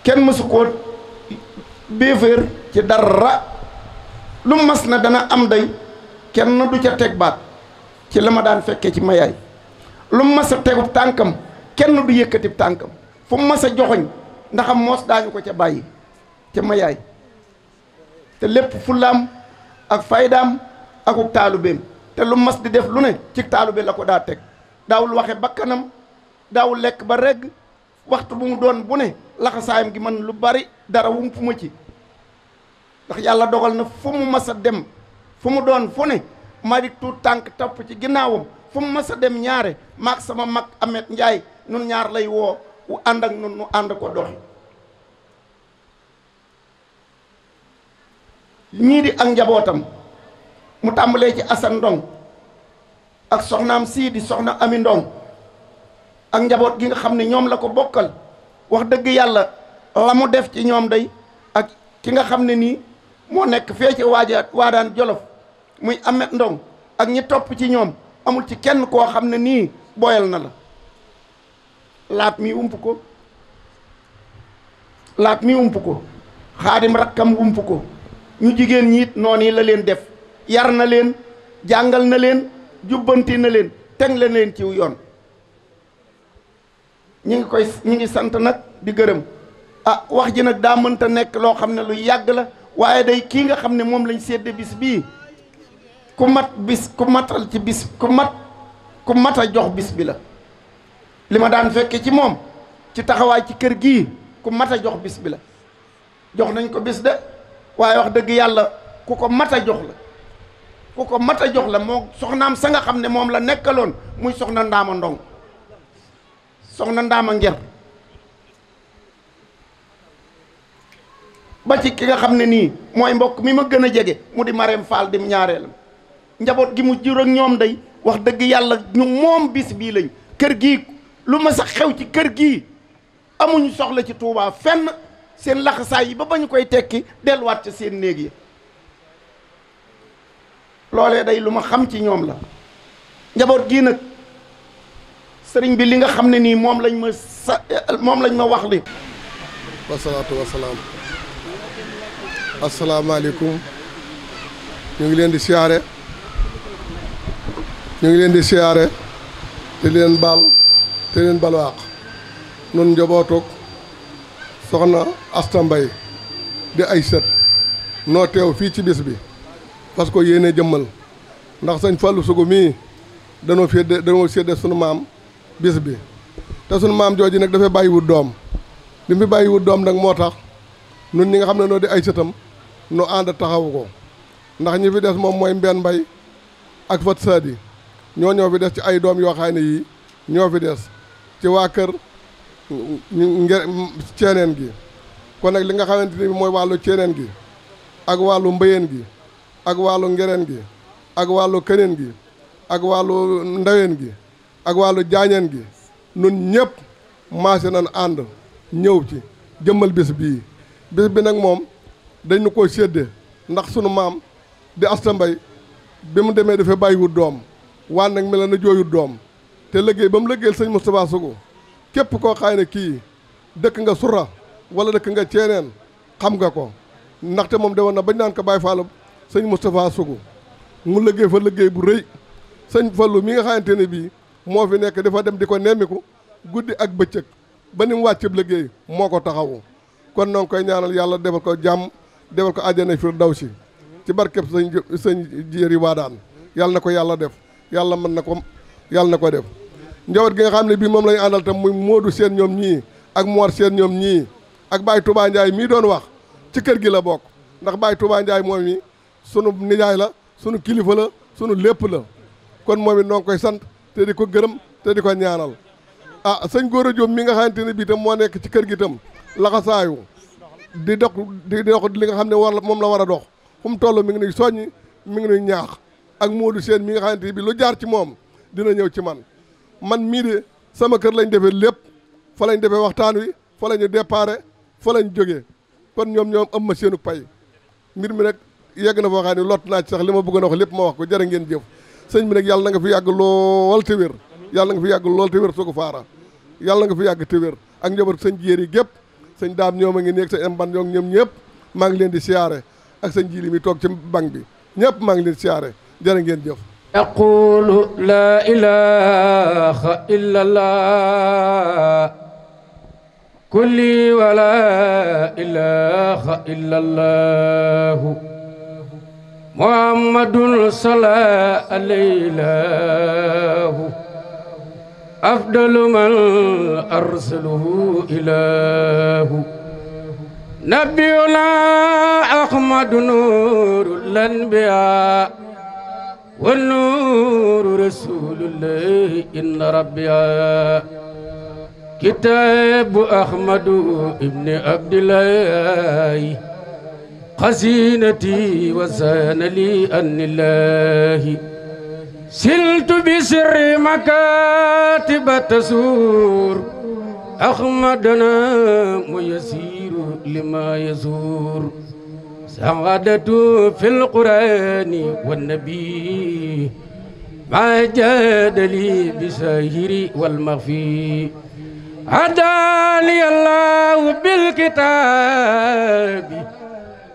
kenn mësu koo béeféer ci dara lu mas na dana am day kenn du ca teg baat ci la ma daan fekke ci mayaay lu mas a tànkam kenn du yëkkatib tànkam fu mas a joxoñ ndaxam moos daañu ko ca bàyyi ca mayaay te lépp fullaam ak faydaam akuk taalubeem te lu mas di def lu ne ci taalube la ko daa teg daawul waxe bakkanam daawul lekk ba regg waxtu bu mu doon bu ne laxasaayam gi man lu bari dara wumpu ma ci ndax yàlla dogal na fu mu mas a dem fu mu doon fu ne marik tuut tànk topp ci ginnaawam fu mu a dem ñaare maag sama mag Amet Njaay nun ñaar lay woo u ànd ak nun nu ànd ko doxi ñii di ak njabootam mu tàmbalee ci Asan Ndong ak soxnaam sii di soxna Ami Ndong ak njaboot gi nga xam ne ñoom la ko bokkal wax dëgg yàlla la def ci ñoom day ak ki nga xam ne nii moo nekk fee ci waaja daan jolof muy amet ndong ak ñi topp ci ñoom amul ci kenn koo xam ne nii boyal na la laat mi ump ko laat mi ump ko xaadim rakkam ump ko ñu jigéen ñiit it noonu la leen def yar na leen jàngal na leen jubbanti na leen teg na leen ciw yoon ñi ngi koy ñi ngi sant nag di gërëm a ah, wax ji nag daa nekk loo xam ne lu yàgg la waaye day kii nga xam ne moom lañ sédd bis bii ku mat bis ku matal ci bis ku mat ku mat a jox bis bi la li ma daan fekke ci moom ci taxawaay ci kër gii ku mat a jox bis bi la jox nañ ko bis de waaye wax dëgg yàlla ku ko mat a jox la ku ko mat a jox la moo soxnaam sa nga xam ne moom la nekkaloon muy soxna Ndaama Ndong soxna ndaama nger ba ci ki nga xam ne nii mooy mbokk mi ma gën a jege mu di Marème Fall di ñaareelam njaboot gi mu jur ñoom day wax dëgg yàlla ñu moom bis bii lañ kër gii lu ma sax xew ci kër gii amuñu soxla ci tuubaa fenn seen laxasaay yi ba ba ñu koy tekki delluwaat ca seen néeg yi loolee day lu ma xam ci ñoom la njaboot gii nag sëriñ bi li nga xam ne nii moom lañ ma sa moom lañ ma wax li wasalaatu wasalaam asalaamaaleykum ñu ngi leen di siyaare ñu ngi leen di siyaare te leen baal te leen balwaaq nun njobootoog soxna Asta mbay di ay sët noo teew fii ci bis bi parce que yéene jëmmal ndax sëñ Fallou Sougou mii danoo fii danoo séddee sunu maam bis bi te sunu maam jooju nag dafay bàyyiwut doom li mu fi bàyyiwut doom nag moo tax nun ñi nga xam ne noo di ay sëtam nu ànd taxawu ko ndax ñi fi des moom mooy mbenn mbay ak fat saadi ñoo ñoo fi des ci ay doom yoo xam ne yii ñoo fi des ci waa kër nge ceeneen gi kon nag li nga xamante ni mooy wàllu ceeneen gi ak wàllu mbéyeen gi ak wàllu ngereen gi ak wàllu këneen gi ak wàllu ndaween gi ak wàllu jaañeen gi nun ñëpp maase nañ ànd ñëw ci jëmmal bis bii bis bi nag moom dañ dañu ko séddee ndax sunu maam di Asta mbay bi mu demee dafay bàyyiwut doom waan nag mel na jooyut doom te liggéey ba mu liggéeyal sëñ Moustapha Sougou képp koo xaay ne kii dëkk nga sura wala dëkk nga ceeneen xam nga ko ndaxte moom demoon na bañ naan ko Baye Fallou sëñ Moustapha Sougou mu liggéey fa liggéey bu rëy sëñ Fallou mi nga xamante ne bii moo fi nekk dafa dem di ko nemmiku guddi ak bëccëg ba ni mu wàccëb liggéey moo ko taxawu kon noo koy ñaanal yàlla defal ko jàmm defal ko àjjana firdawsi ci barkeb sëñ sëñ Jéeri Waadaan yàlla na ko yàlla def yàlla mën na ko yàlla na ko def njaboot gi nga xam ne bii moom la ñu àndal tam muy Modou seen ñoom ñii ak Mor seen ñoom ñii ak Baye Touba Ndiaye mii doon wax ci kër gi la bokk ndax Baye Touba Ndiaye moom mi sunu nijaay la sunu kilifa la sunu lépp la kon moom noo ngi koy sant te di ko gërëm te di ko ñaanal ah sëñ Gora Diop mi nga xamante ne bii tam moo nekk ci kër gi tam laxasaayu di dox di dox li nga xam ne war moom la war a dox fu mu mi ngi nuy soññ mi ngi nuy ñaax ak Modou Sène mi nga xamante yi bii lu jaar ci moom dina ñëw ci man man mii de sama kër lañ defee lépp fa lañ defee waxtaan wi fa la ñu déparé fa lañ jógee kon ñoom ñoom am ma seenu pay mbir mi nag yegg na foo xam ne lott naa ci sax li ma bëggoon a wax lépp ma wax ko jërë ngeen jëf sëñ bi nag yàlla na nga fi yàgg lool te wér yàlla na nga yàgg lool te wér soo ko faara yàlla nga fi yàgg te wér ak njaboot sëñ jéer yi gépp sëñ daam ñoom a ngi nekk sëñ mban ñoom ñoom ñëpp maa ngi leen di siyaare ak sëñ jili mi toog ci bank bi ñëpp maa leen di siyaare jërë ngeen jëf aqulu laa ilaha illa allah kulli wala ilaha illa allah محمد صلى عليه أفضل من أرسله إله نبينا أحمد نور الأنبياء والنور رسول الله إن ربي كتاب أحمد ابن عبد الله خزينتي وزان لي أن الله سلت بسر مكاتب تزور أخمدنا ميسير لما يزور سعادة في القرآن والنبي ما جاد لي بساهر والمغفي عدا لي الله بالكتاب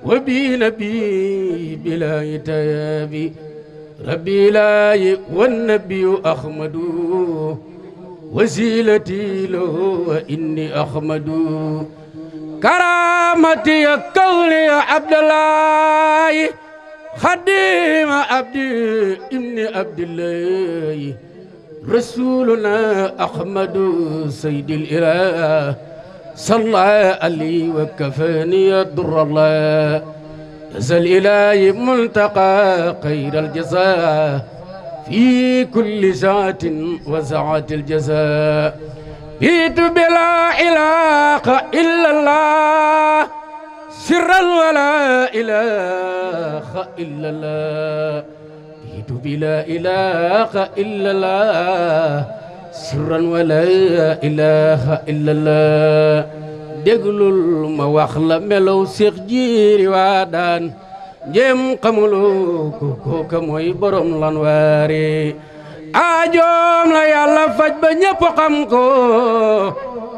وبي نبي بلا تيابي ربي لاي والنبي أحمد وسيلتي له وإني أحمد كرامتي كوني عبد الله خديم عبدي ابن عبد الله رسولنا أحمد سيد الإله صلى لي وكفاني الضر الله جزى الإله ملتقى خير الجزاء في كل ساعة وسعة الجزاء بيت بلا إله إلا الله سرا ولا إله إلا الله بيت بلا إله إلا الله سرا ولا إله إلا الله déglul ma wax la melow Seex Jiiri Waadaan njéem xamuloo ko kooka mooy borom lan waare aajoom la yàlla faj ba ñëpp xam ko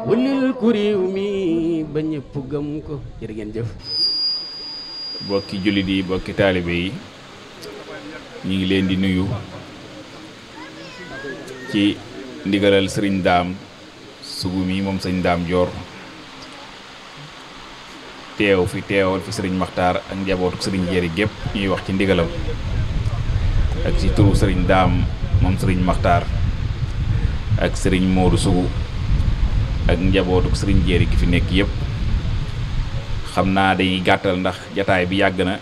wulil ku réew mi ba ñëpp gëm ko jërë ngeen jëf bokki jullit yi bokki taalibe yi ñu ngi leen di nuyu ci ndigalal sëriñ daam sugu mii moom sëñ daam joor teew fi teewal fi sëriñ maxtaar ak njabootu sëriñ jeri gépp ñuy wax ci ndigalam ak ci turu sëriñ daam moom sëriñ maxtaar ak sëriñ moodu sugu ak njabootu sëriñ jeri ki fi nekk yëpp xam naa dañuy gàttal ndax jataay bi yàgg na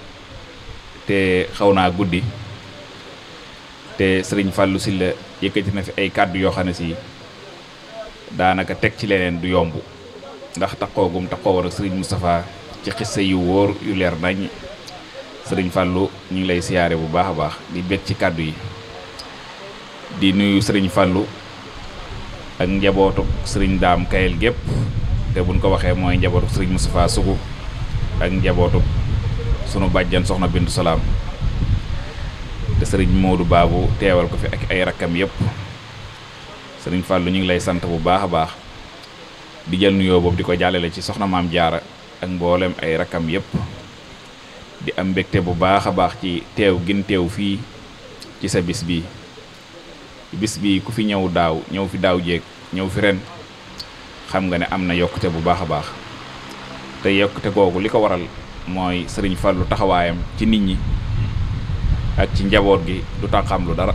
te xaw naa guddi te sëriñ Fallou Sylla yëkkati na fi ay kàddu yoo xam ne si daanaka teg ci leneen du yomb ndax takkoogum takkoo war ak sëriñ Moustapha ci xisse yu wóor yu leer nañ sëriñ Fallou ñu ngi lay siyaare bu baax a baax di bég ci kàddu yi di nuyu sëriñ Fallou ak njabootu sëriñ Daam Kayel gépp te buñ ko waxee mooy njabootu sëriñ Moustapha Sougou ak njabootu sunu bàjjan soxna bindu Salaam. te sëriñ Modou Babou teewal ko fi ak ay rakkam yëpp sëriñ Fallou ñu ngi lay sant bu baax a baax di jël nuyoo boobu di ko jàllale ci soxna maam jaara ak mboolem ay rakkam yëpp di am mbégte bu baax a baax ci teew gin teew fii ci sa bis bi bis bi ku fi ñëw daaw ñëw fi daaw jéeg ñëw fi ren xam nga ne am na yokkute bu baax a baax te yokkute googu li ko waral mooy sëriñ Fallou taxawaayam ci nit ñi ak ci njaboot gi du tànqam lu dara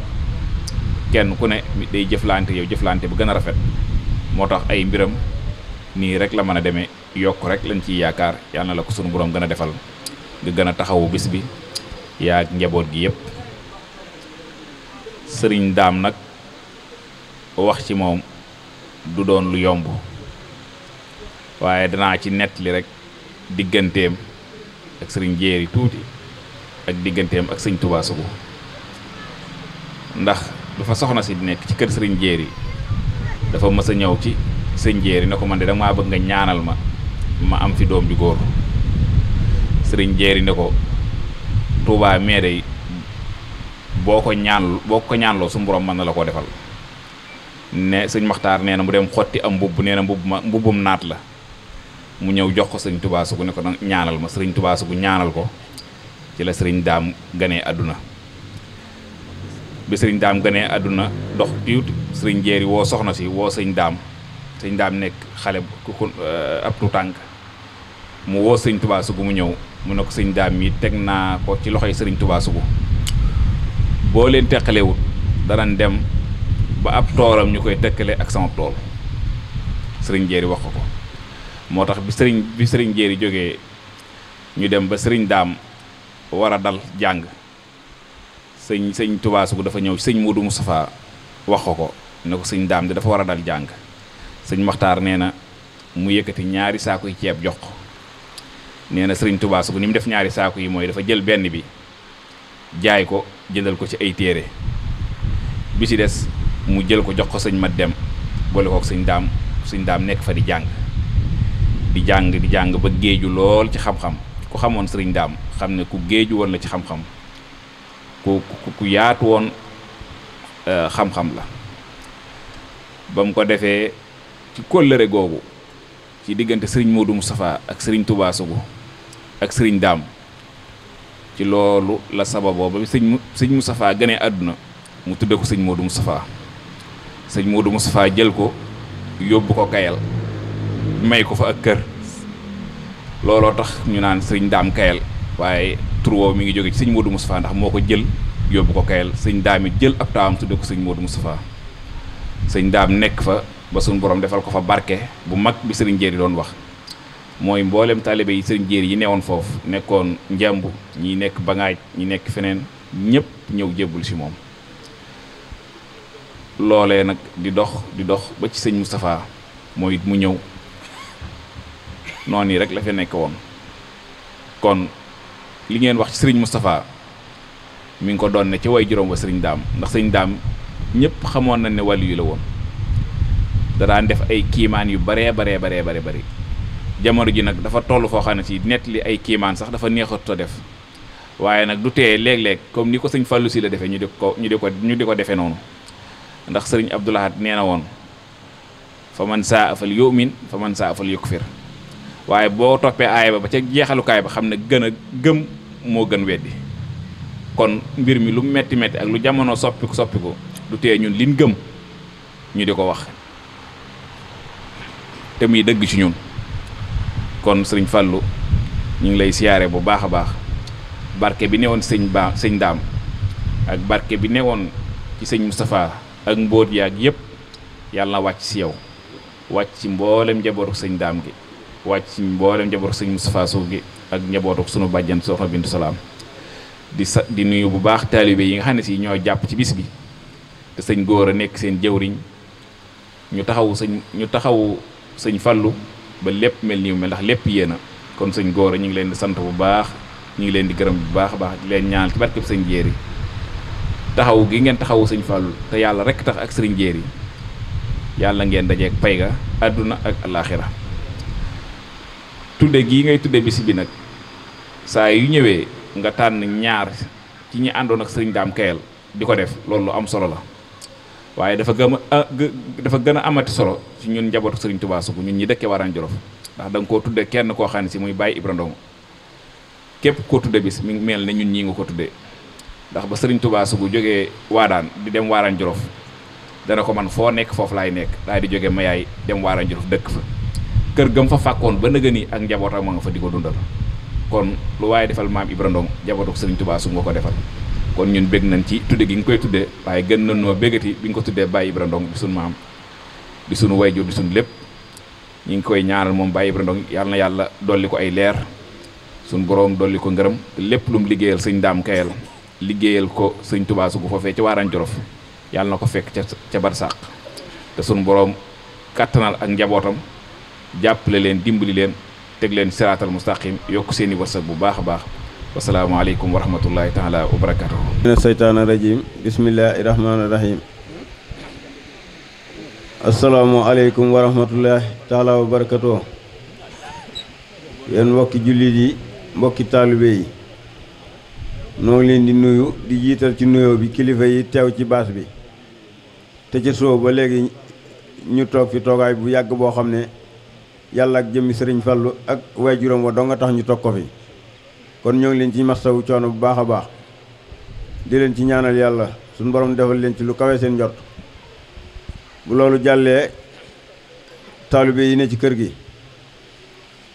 kenn ku ne day jëflante yow jëflante bu gën a rafet moo tax ay mbiram nii rek la mën a demee yokk rek lañ ciy yaakaar yàlla na la ko sunu borom gën a defal nga gën a taxawu bis bi yaa njaboot gi yëpp sëriñ daam nag wax ci moom du doon lu yomb waaye danaa ci nettali rekk digganteem ak sëriñ jéeri tuuti ak digganteem ak sëñ Touba Sougou ndax dafa soxna si nekk ci kër sëriñ Jéeri dafa mës a ñëw ci sëñ Jéeri na ko man de danga maa bëgg nga ñaanal ma ma am fi doom ju góor sëriñ Jéeri ne ko Touba mee day boo ko ñaan boo ko ñaanloo su borom mën na la koo defal ne sëñ Maxtaar nee na mu dem xotti am mbubb nee na mbubb ma mbubbum naat la mu ñëw jox ko sëñ Touba Sougou ne ko ñaanal ma sëriñ Touba Sougou ñaanal ko ci la sëriñ daam ganee àdduna sëriñ daam ganee àdduna dox tuuti sëriñ jeeri woo soxna si woo sëñ daam sëñ daam nekk xale ku euh, ab tuutànk mu woo sëriñ tubaa sugu mu ñëw mu ne ko sëñ daam mi teg naa ko ci loxo yi sëriñ tubaasu sugu boo leen teqalewut danañ dem ba ab toolam ñu koy teqale ak sama tool sëriñ jeeri wax ko ko moo tax bi sëriñ bi sëriñ jeeri jógee ñu dem ba sëriñ daam war a dal jàng sëñ sëñ Touba Sougou dafa ñëw sëñ Modou Moustapha wax ko ko ne ko sëñ daam di dafa war a dal jàng sëñ Maxtaar nee na mu yëkkati ñaari saaku yi ceeb jox ko nee na sëñ Touba Sougou ni mu def ñaari saaku yi mooy dafa jël benn bi jaay ko jëndal ko ci ay téere bi ci des mu jël ko jox ko sëñ ma dem boole kook sëñ daam sëñ daam nekk fa di jàng di jàng di jàng ba géeju lool ci xam-xam ku xamoon sëriñ daam xam ne ku géej woon la ci xam-xam ku ku yaatu woon euh, xam-xam la ba mu ko defee ci kóllëre googu ci diggante sëriñ Modou Moustapha ak sëriñ Touba Sougou ak sëriñ daam ci loolu la sababoo ba sëñ sëñ Moustapha gënee àdduna mu tudde ko sëñ Modou Moustapha sëñ Modou Moustapha jël ko yóbbu ko kayal may ko fa ak kër looloo tax ñu naan sëriñ daam kayal waaye tur mi ngi jóge ci sëñ Modou Moustapha ndax moo ko jël yóbbu ko kayal sëñ daam it jël ab taawam tudde ko sëñ Modou Moustapha sëñ daam nekk fa ba suñ borom defal ko fa barke bu mag bi sëriñ jéeri doon wax mooy mbooleem taalibe yi sëriñ jéeri yi newoon foofu nekkoon njàmb ñi nekk bangaaj ñi nekk feneen ñëpp ñëw jébbul ci moom loolee nag di dox di dox ba ci sëñ Moustapha mooy it mu ñëw noonu yi rek la fi nekk woon kon li ngeen wax ci sëriñ Moustapha mu ngi ko doon ne ci way juróom wa sëriñ daam ndax sëriñ daam ñëpp xamoon nañ ne wàllu yu la woon daraan def ay kiimaan yu baree baree baree bare bëri jamono ji nag dafa toll foo xam ne nett li ay kiimaan sax dafa neexatut a def waaye nag du tee léeg-léeg comme ni ko sëñ Fallou si la defee ñu di ko ñu di ko ñu di ko defee noonu ndax sëriñ Abdoulahat nee na woon fa man saa afal yu'min fa man saa afal waaye boo toppee aaya ba ba ca jeexalukaay ba xam na gën a gëm moo gën weddi kon mbir mi lu metti metti ak lu jamono soppiku soppiku du tee ñun liñ gëm ñu di ko wax te muy dëgg ci ñun kon sëriñ Fallou ñu ngi lay siyaare bu baax a baax barke bi newoon sëñ ba sëñ daam ak barke bi newoon ci sëñ Moustapha ak mbóot yaag yëpp yàlla wàcc si yow wàcc ci mboolem njabootu sëñ daam gi wàcc mboolem njaboot sëñ Moustapha Sow gi ak njabootuk sunu bàjjan soxna Bintu Salaam di sa di nuyu bu baax taalibe yi nga xam ne si ñoo jàpp ci bis bi te sëñ góor a nekk seen jëwriñ ñu taxawu sëñ ñu taxawu sëñ Fallu ba lépp mel nii mel ndax lépp yéen a kon sëñ góor a ñu ngi leen di sant bu baax ñu ngi leen di gërëm bu baax a baax leen ñaanal ci barkeb sëñ Jéeri taxaw gi ngeen taxawu sëñ Fallu te yàlla rek tax ak sëriñ Jéeri yàlla ngeen dajeeg pay ga àdduna ak alaaxira tudde gii ngay tudde bis bi nag saa yu ñëwee nga tànn ñaar ci ñi àndoon ak sëriñ daam kayal di ko def loolu lu am solo la waaye dafa gëm a dafa gën a amati solo ci ñun njabootu sëriñ Tuubaa Sougou ñun ñi dëkkee Waraan Jolof ndax da nga koo tudde kenn koo xam ne si muy bàyyi Ibra képp koo tudde bis mi mel ne ñun ñii nga ko tuddee ndax ba sëriñ Tuubaa Sougou jógee waadaan di dem Waraan Jolof dana ko man foo nekk foofu laay nekk daal di jóge ma yaay dem Waraan Jolof dëkk fa kër gëm fa fàkkoon ba nëgë ni ak njabootam ma nga fa di ko dundal kon lu waaye defal maam Ibra Ndong njabootu Sëriñ Tuubaa su nga ko defal kon ñun bégg nañ ci tudde gi nga koy tuddee waaye gën nañ noo béggati bi nga ko tuddee Baye Ibra Ndong di suñu maam di suñu wayjur di lépp ñu ngi koy ñaanal moom Baye Ibra Ndong yàlla na yàlla dolli ko ay leer suñu boroom dolli ko ngërëm lépp lu mu liggéeyal sëñ daam kayal liggéeyal ko sëñ Tuubaa su ko foofee ca Waaraan Jolof yàlla na ko fekk ca ca barsàq te suñu boroom kàttanal ak njabootam jàppale leen dimbali leen teg leen siraatal mustaqim yokk seeni i bu baax a baax wasalaamualeykum wa rahmatullahi taala wa barakatuhu mina seytaan rajim bismillahi rahmaani rahim asalaamualeykum wa rahmatullahi taala wa mbokki taalibe yi noo leen di nuyu di jiital ci nuyoo bi kilifa yi teew ci baas bi te ca soo ba léegi ñu toog fi toogaay bu yàgg boo xam ne yàlla ak jëmmi sëriñ Fallu ak waay waajuram wa doo nga tax ñu toog ko fi kon ñoo leen ci wu coono bu baax a baax di leen ci ñaanal yàlla suñu borom defal leen ci lu kawe seen njort bu loolu jàllee taalibe yi ne ci kër gi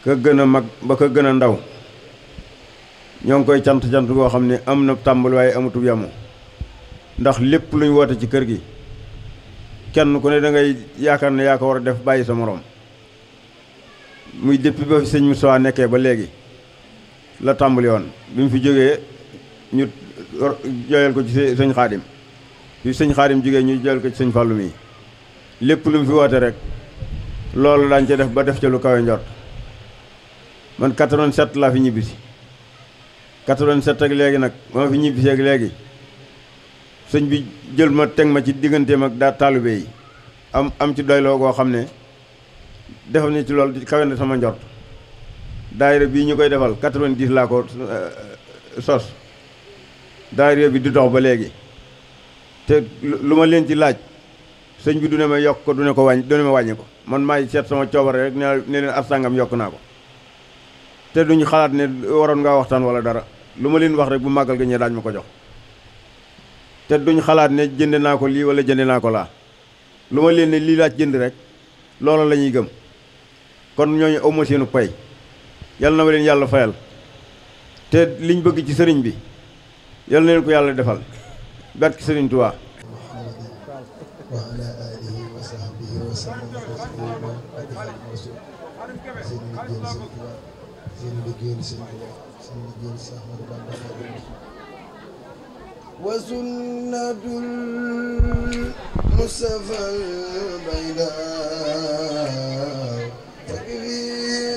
ka gën a mag ba ka gën a ndaw ñoo ngi koy cant-cant goo xam ne am na tàmbal waaye amutub yamu ndax lépp lu woote ci kër gi kenn ku ne da ngay yaakaar ne yaa ko war a def bàyyi sa morom muy depuis ba fi sëñ Moustapha nekkee ba léegi la tàmbali woon bi mu fi jógee ñu joyal ko ci sëñ Xaadim bi sëñ Xaadim jógee ñu joyal ko ci sëñ Fàllu mi lépp lu mu fi woote rek loolu daañu ca def ba def ca lu kawe njort man 87 laa fi ñibbisi 87 ak léegi nag ma fi ñibbisi ak léegi sëñ bi jël ma teg ma ci digganteem ak daa taalibe yi am am ci doyloo goo xam ne defal ni ci loolu kawe na sama njort daayira bii ñu koy defal 90 laa ko euh, sos daayira bi di dox ba léegi te lu ma leen ci laaj sëñ bi du ne ma yokk ko du ne ko wàññi du ne ma wàññi ko man maay seet sama coobare rek ne leen ab sàngam yokk naa ko te duñu xalaat ne waroon ngaa waxtaan wala dara lu ma leen wax rek bu màggal ga ñee daañu ma ko jox te duñ xalaat ne jënd naa ko lii wala jënd naa ko laa lu ma leen lii laaj jënd rek loola la ñuy gëm kon ñooñu awma seenu pay yal na ma yàlla fayal te liñ bëgg ci sëriñ bi yal na leen ko yàlla defal barki sëriñ Tuubaa وسنة المصطفى البيضاء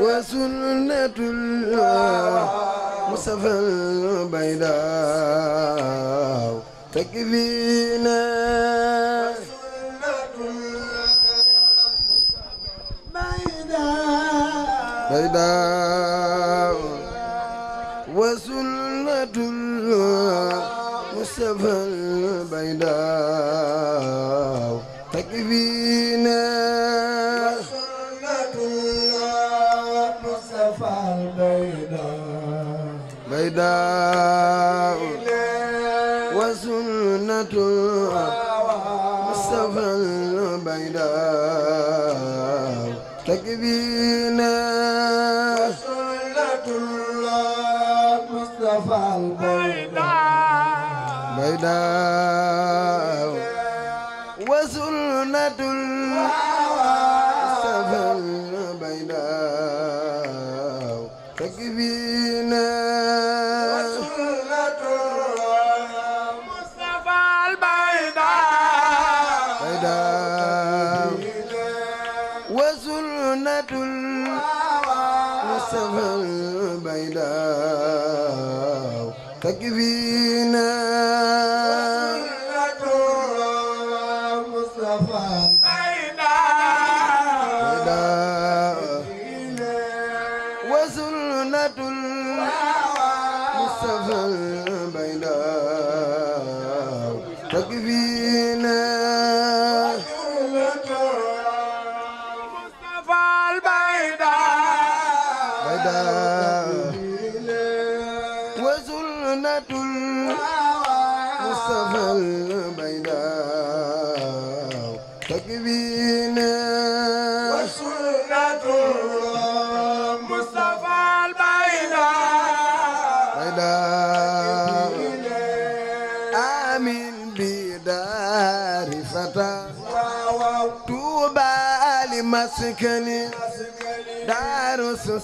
وسنة المصطفى البيضاء تكفينا بيضاء وسنة المصطفى البيضاء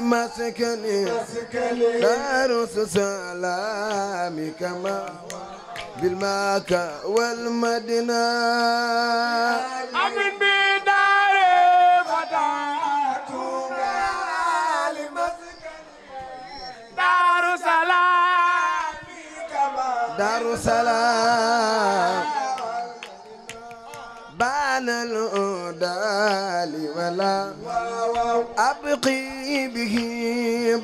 مسكني دار سلامي كما بالمكة والمدينة أمين بدار فتاتنا دار سلامي كما دار سلام الهدى لي ولا أبقي به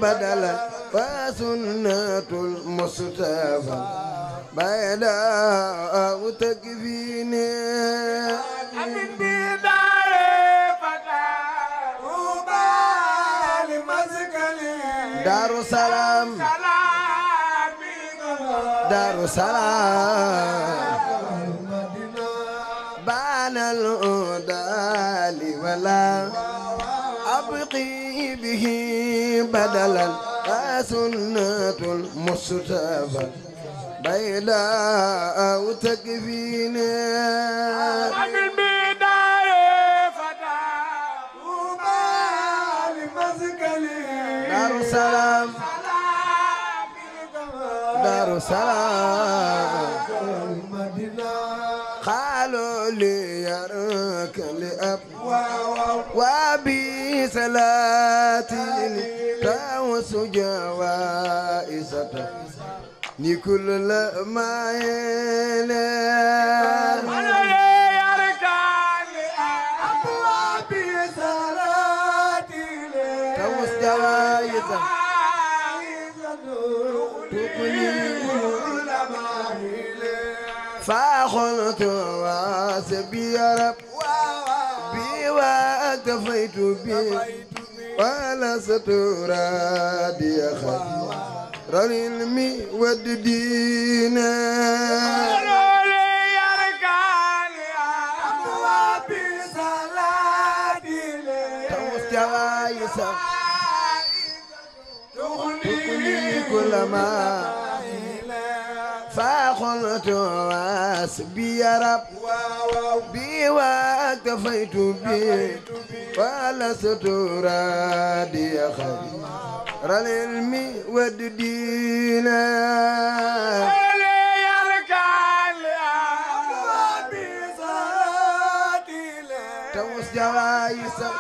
بدلا فسنة المصطفى بيداء تكفيني أمن بدار فتى روبا لمسكني دار سلام دار سلام بدلا أبقي به بدلا سنة المصطفى بيداء تكفينا ومن بداية فتى طوبى لمسكنه دار السلام دار السلام وابي صلاتي تاوس جوائزة نكل ما يلي فاخذت راسي يا رب بيوا اكتفيت به ولا سترادي خير العلم والدين تغني كل ما قلت واسبي يا رب بي واكتفيت بي ولست رادي خير العلم والدين جوائز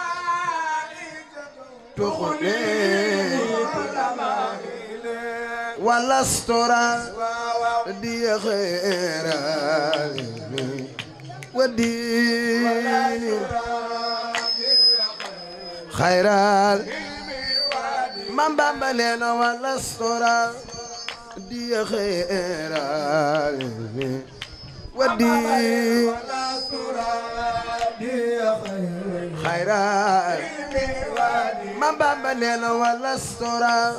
تخلي ولا استرا دي خير وديني خيرال من بمبلين ولا استرا دي خير ودي خيرال من بمبلين ولا استرا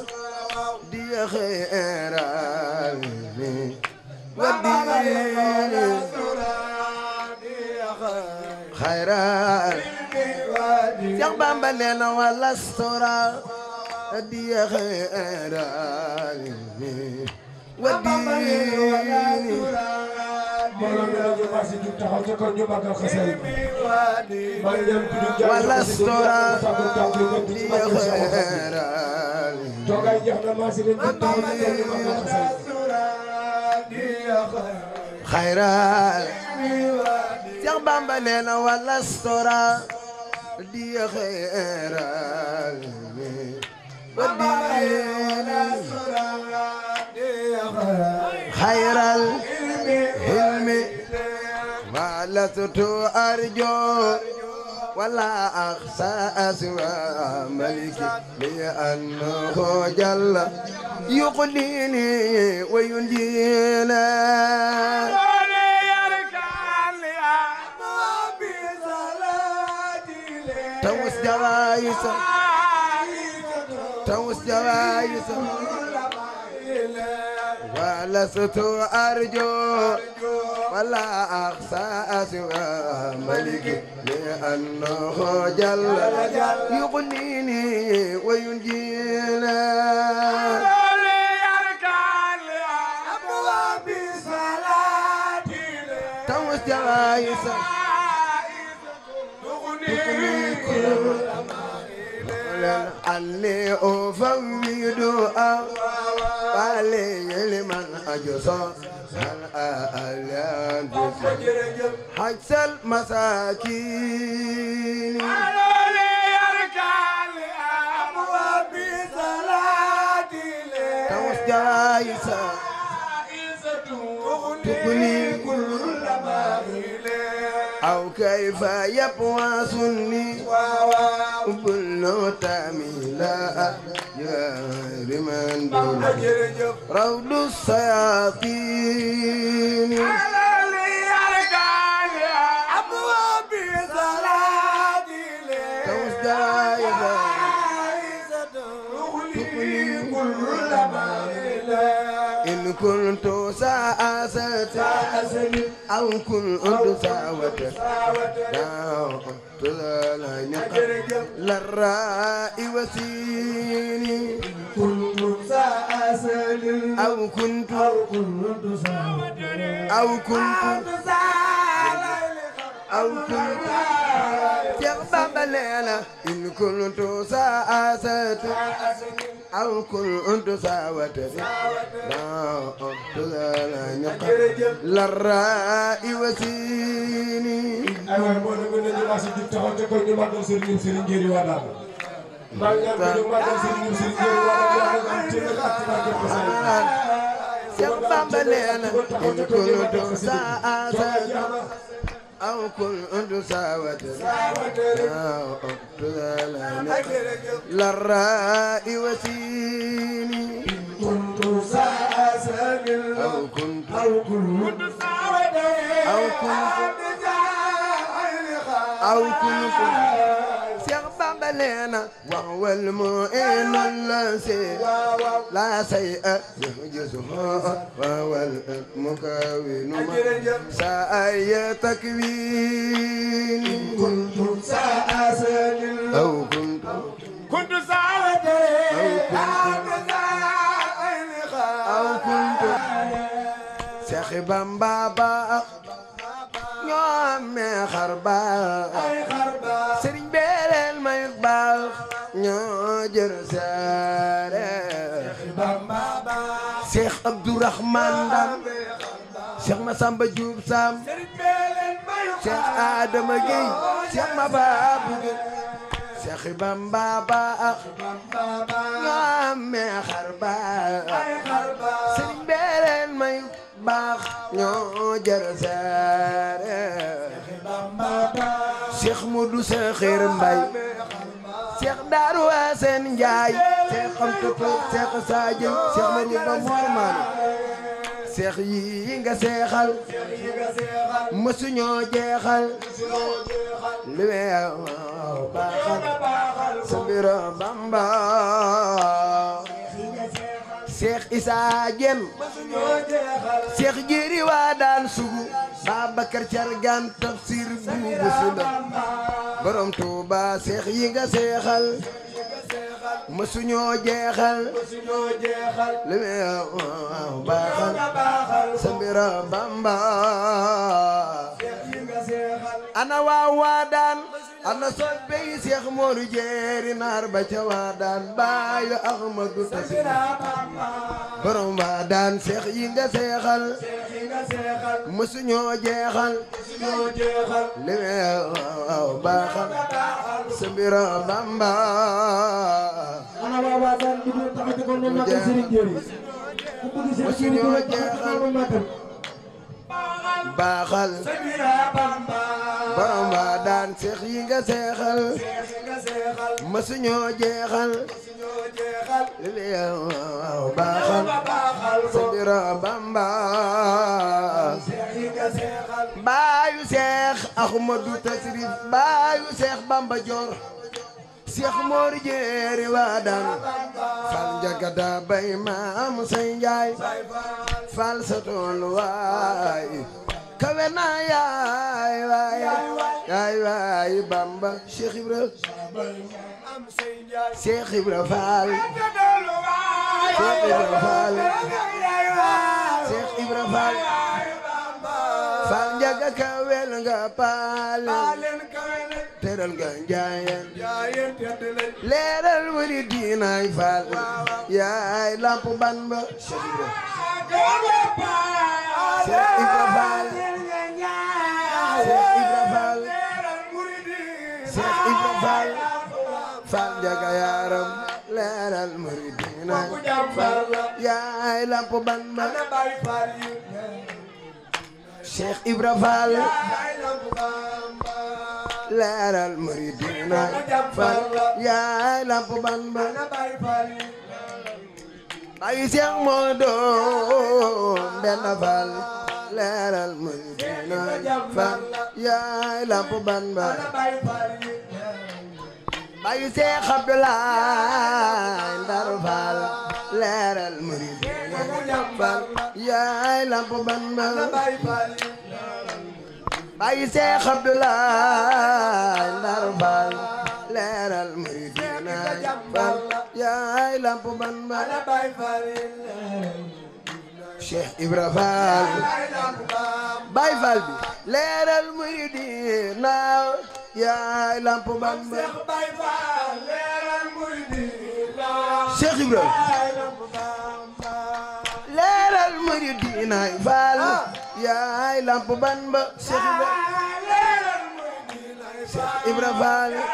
لي خير علمي وديني خير علمي يا بامبا لنا ولا استرا ودي خير علمي وديني ولا استرا ودي خير علمي toogaay jeex na maa si leen di taw na ñu ma ko xasal xayral Cheikh Bamba nee na wala sora di xayral xayral hilmi wala tutu arjo ولا أخسى سوى ملكي لأنه جل يقليني وينجيني توس جوايسه توس جوايسه ولست أرجو ولا أخشى سوى ملك لأنه جل يغنيني وينجيني أبواب صلاتي توسع يسر خيرا عني أفوض أحوالي لمن أجسر الأعلام حجس المساكين قالوا لي أركع لأبواب صلاتي لي توس جايسة أو كيف يبوى سني بلو تاميلا يا رمان دون روض السياطين إن كنت سأسأل أو كل أدفاوة داو تلا نقل للراء وسيني كنت سأسل أو كنت أو كنت أو كنت أو كنت تغبب ليلة إن كنت سأسل أو كنت سأوتر داو للراء وسيني ايوا بون نغو نجي لاسي دي تاخو تي كون ماغال سيرين سيرين جيري وادا ماغال بي ماغال سيرين سيرين جيري وادا يا نغام تي نغات ماغال حسين سيام بامبلينا كل دوسا ازا أو كل أندسا ودر أو أبتلا للراء وسيني أو كنت أو كنت أو كنت أو كنت سيغ بابا لنا وهو المؤمن الذي لا شيء يعجزه وهو المكون سأي تكوين كنت سأسجل أو كنت كنت سأسجل أو كنت كنت سخي بامبابا ñoome xarbaax sëriñ beeleel mayut seex abdurahman ndam seex masamba seex adama géy seex ma baabu Seex Bamba ba nga amee xar baax sëriñ bee leen may baax ñoo jar saare Seex Mudu Saxiir Mbay Seex Daaru Asan Njaay Seex Xamtu Seex Saajin Seex Mari Ba Mor Maane seex yi nga seexal mësuñoo jeexal li baaxal sa bamba seex isaa jem seex jiri waa daan sugu Babacar Cargaan tafsir buubu sula borom Tuuba seex yi nga seexal mësuñoo jeexal mësuñoo jeexal li mu baaxal sa mbira Bamba ana waa waadaan ana soppe yi seex moodu jeeri naar ba ca waadaan baayu ahmadu tasina borom waadaan seex yi nga seexal mësuñoo jeexal li weew baaxal sambiro bamba ana waa jeexal baaxal borom ba daan seex yi nga seexal mësuñoo jeexal li li baaxal sabira bamba baayu seex ahmadu tasrif baayu seex bamba joor seex moor jeeri waa daan jagada bay maam say njaay faal sa tool waay kawe na yaay waay yaay waay bamba Cheikh Ibra Cheikh Ibra Faal Cheikh Ibra Faal Cheikh Ibra Faal faal njaga kawel nga paal leeral nga njaayeen njaayeen tedd lañ leeral wari diinaay faal yaay lamp ban ba Cheikh Ibra Fall Cheikh Ibra Fall Cheikh Ibra Fall Fall njaga yaaram leeral wari diinaay faal yaay lamp ban ba Cheikh Ibra Fall leeral muridina fal yaay lamp ban ba ay seex moo doon benn fal leeral muridina fal yaay lamp ban ba ay seex Abdulaay Ndar fal leeral muridina fal yaay lamp ban ba bàyyi Seex Abdoulaye Ndar Baal leeral muy dina bal yaay lamp ban bal bay faril Cheikh Ibra Faal Baay Faal bi leeral muy dina yaay lamp ban bal Baay Faal leeral muy dina Cheikh Ibra mari diinaay faal ah. yaay lamp ban ba Cheikh Ibra Faal ah,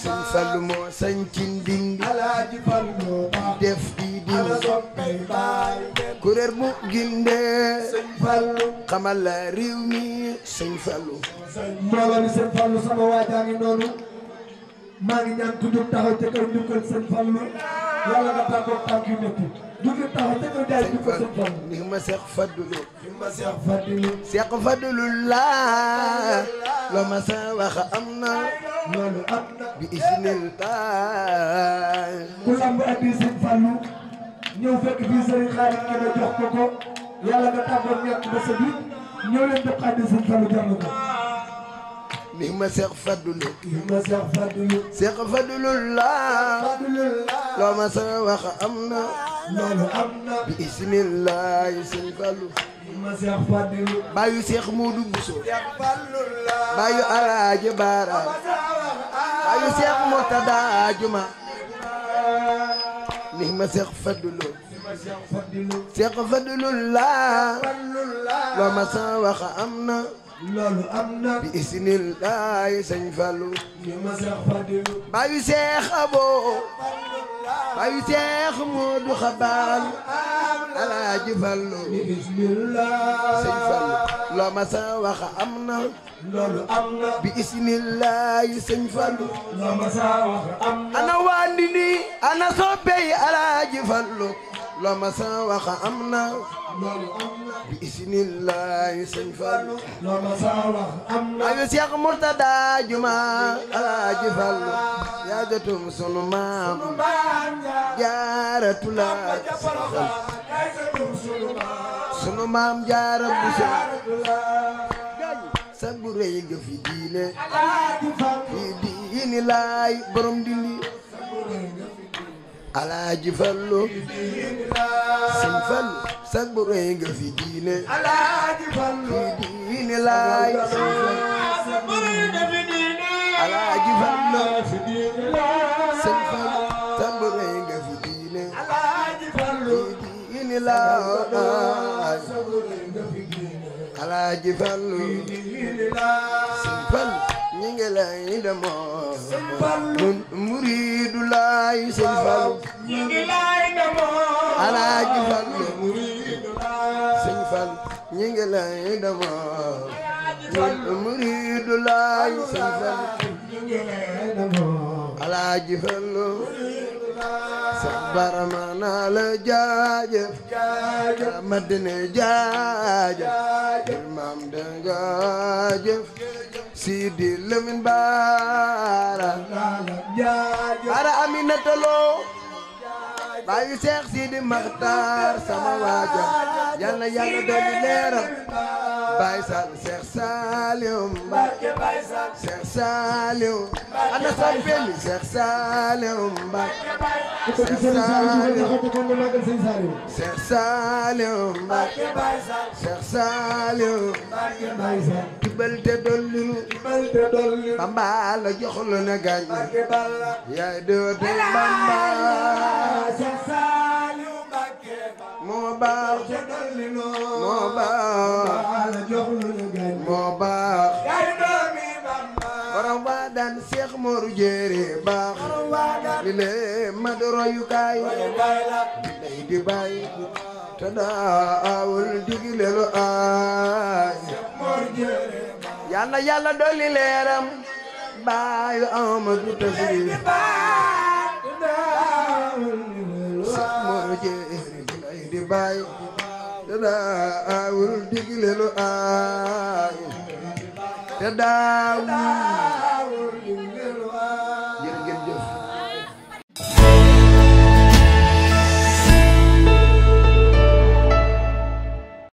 Sëñ Fallu moo sañ ci def di dindi kuréel bu gindee xamal la réew mi Sëñ Fallu mbooloo mi Sëñ Fallu sama waajaa ngi maa ngi ñaan tudd taxaw ca kër njukkal Sëñ Fallu yàlla nga tàggoog tànk yu duggul taxaw te ñu daal di ko seen tool. ni ma seq fadulu. ni ma seq fadulu. seq loo ma sa am na. loolu am bi isnil baay. ku lamb andi seen fàllu. ñëw fekk fii sëriñ xaarit ki la jox ko ko. yàlla nga tàggoon ñett ba sa ñëw leen def andi seen fàllu na ko. mi ma Seex Fadulu mi ma Seex Fadulu Seex Fadulu laa loo ma sa wax am na loolu am na Seex Fadulu baayu Seex Moodu Buso Seex Murtada Seex Fadulu laa loo ma sa wax am na loolu na. bi isnillahi sëñ Fallou. seex Fadilu. baayu seex seex Modou Xabaal. alaaji am na. loolu am na. bi loo ma wax am na. ana waa Ndindi. ana soppe alaaji Fallou. la ma sa wax am na loolu am na bi isnillahi sëñ Fallu la ma sa wax am na ayu Cheikh Murtada juma alaaji Fallu yaa jotum sunu maam jaaratu la sunu maam jaara bu sa bu rëy nga fi diine fi diini laay borom dindi alaaji fallu fi diine alaaji fallu diine nga fi diine alaaji fallu diine lay demoo nun muriidu lay sëñ Fallu alaaji Fallu sëñ Fallu sabar ma naa la jaajëf jaajëf ma dina jaajëf imam de jaajëf Sidi Lamin Baara Baara Aminata Lo baayu Seex Sidi Maxtaar sama waaja yal na yàlla dolli baay sal Seex Saaliw Mbàkke baay sal Seex Saaliw ana baay sal Seex Saaliw Mbàkke baay sal tibal te dolli nu tibal te dolli Bamba la jox lu moo baax moo baax moo baax borom waa daan Seex Mooru Jéere baax li lee ma di royukaay lay di baay te daawul digle lu aay yal na dolli leeram baayu Amadu Tafsir Mor Dieng lay di baay te daawul digle lu aay te daawul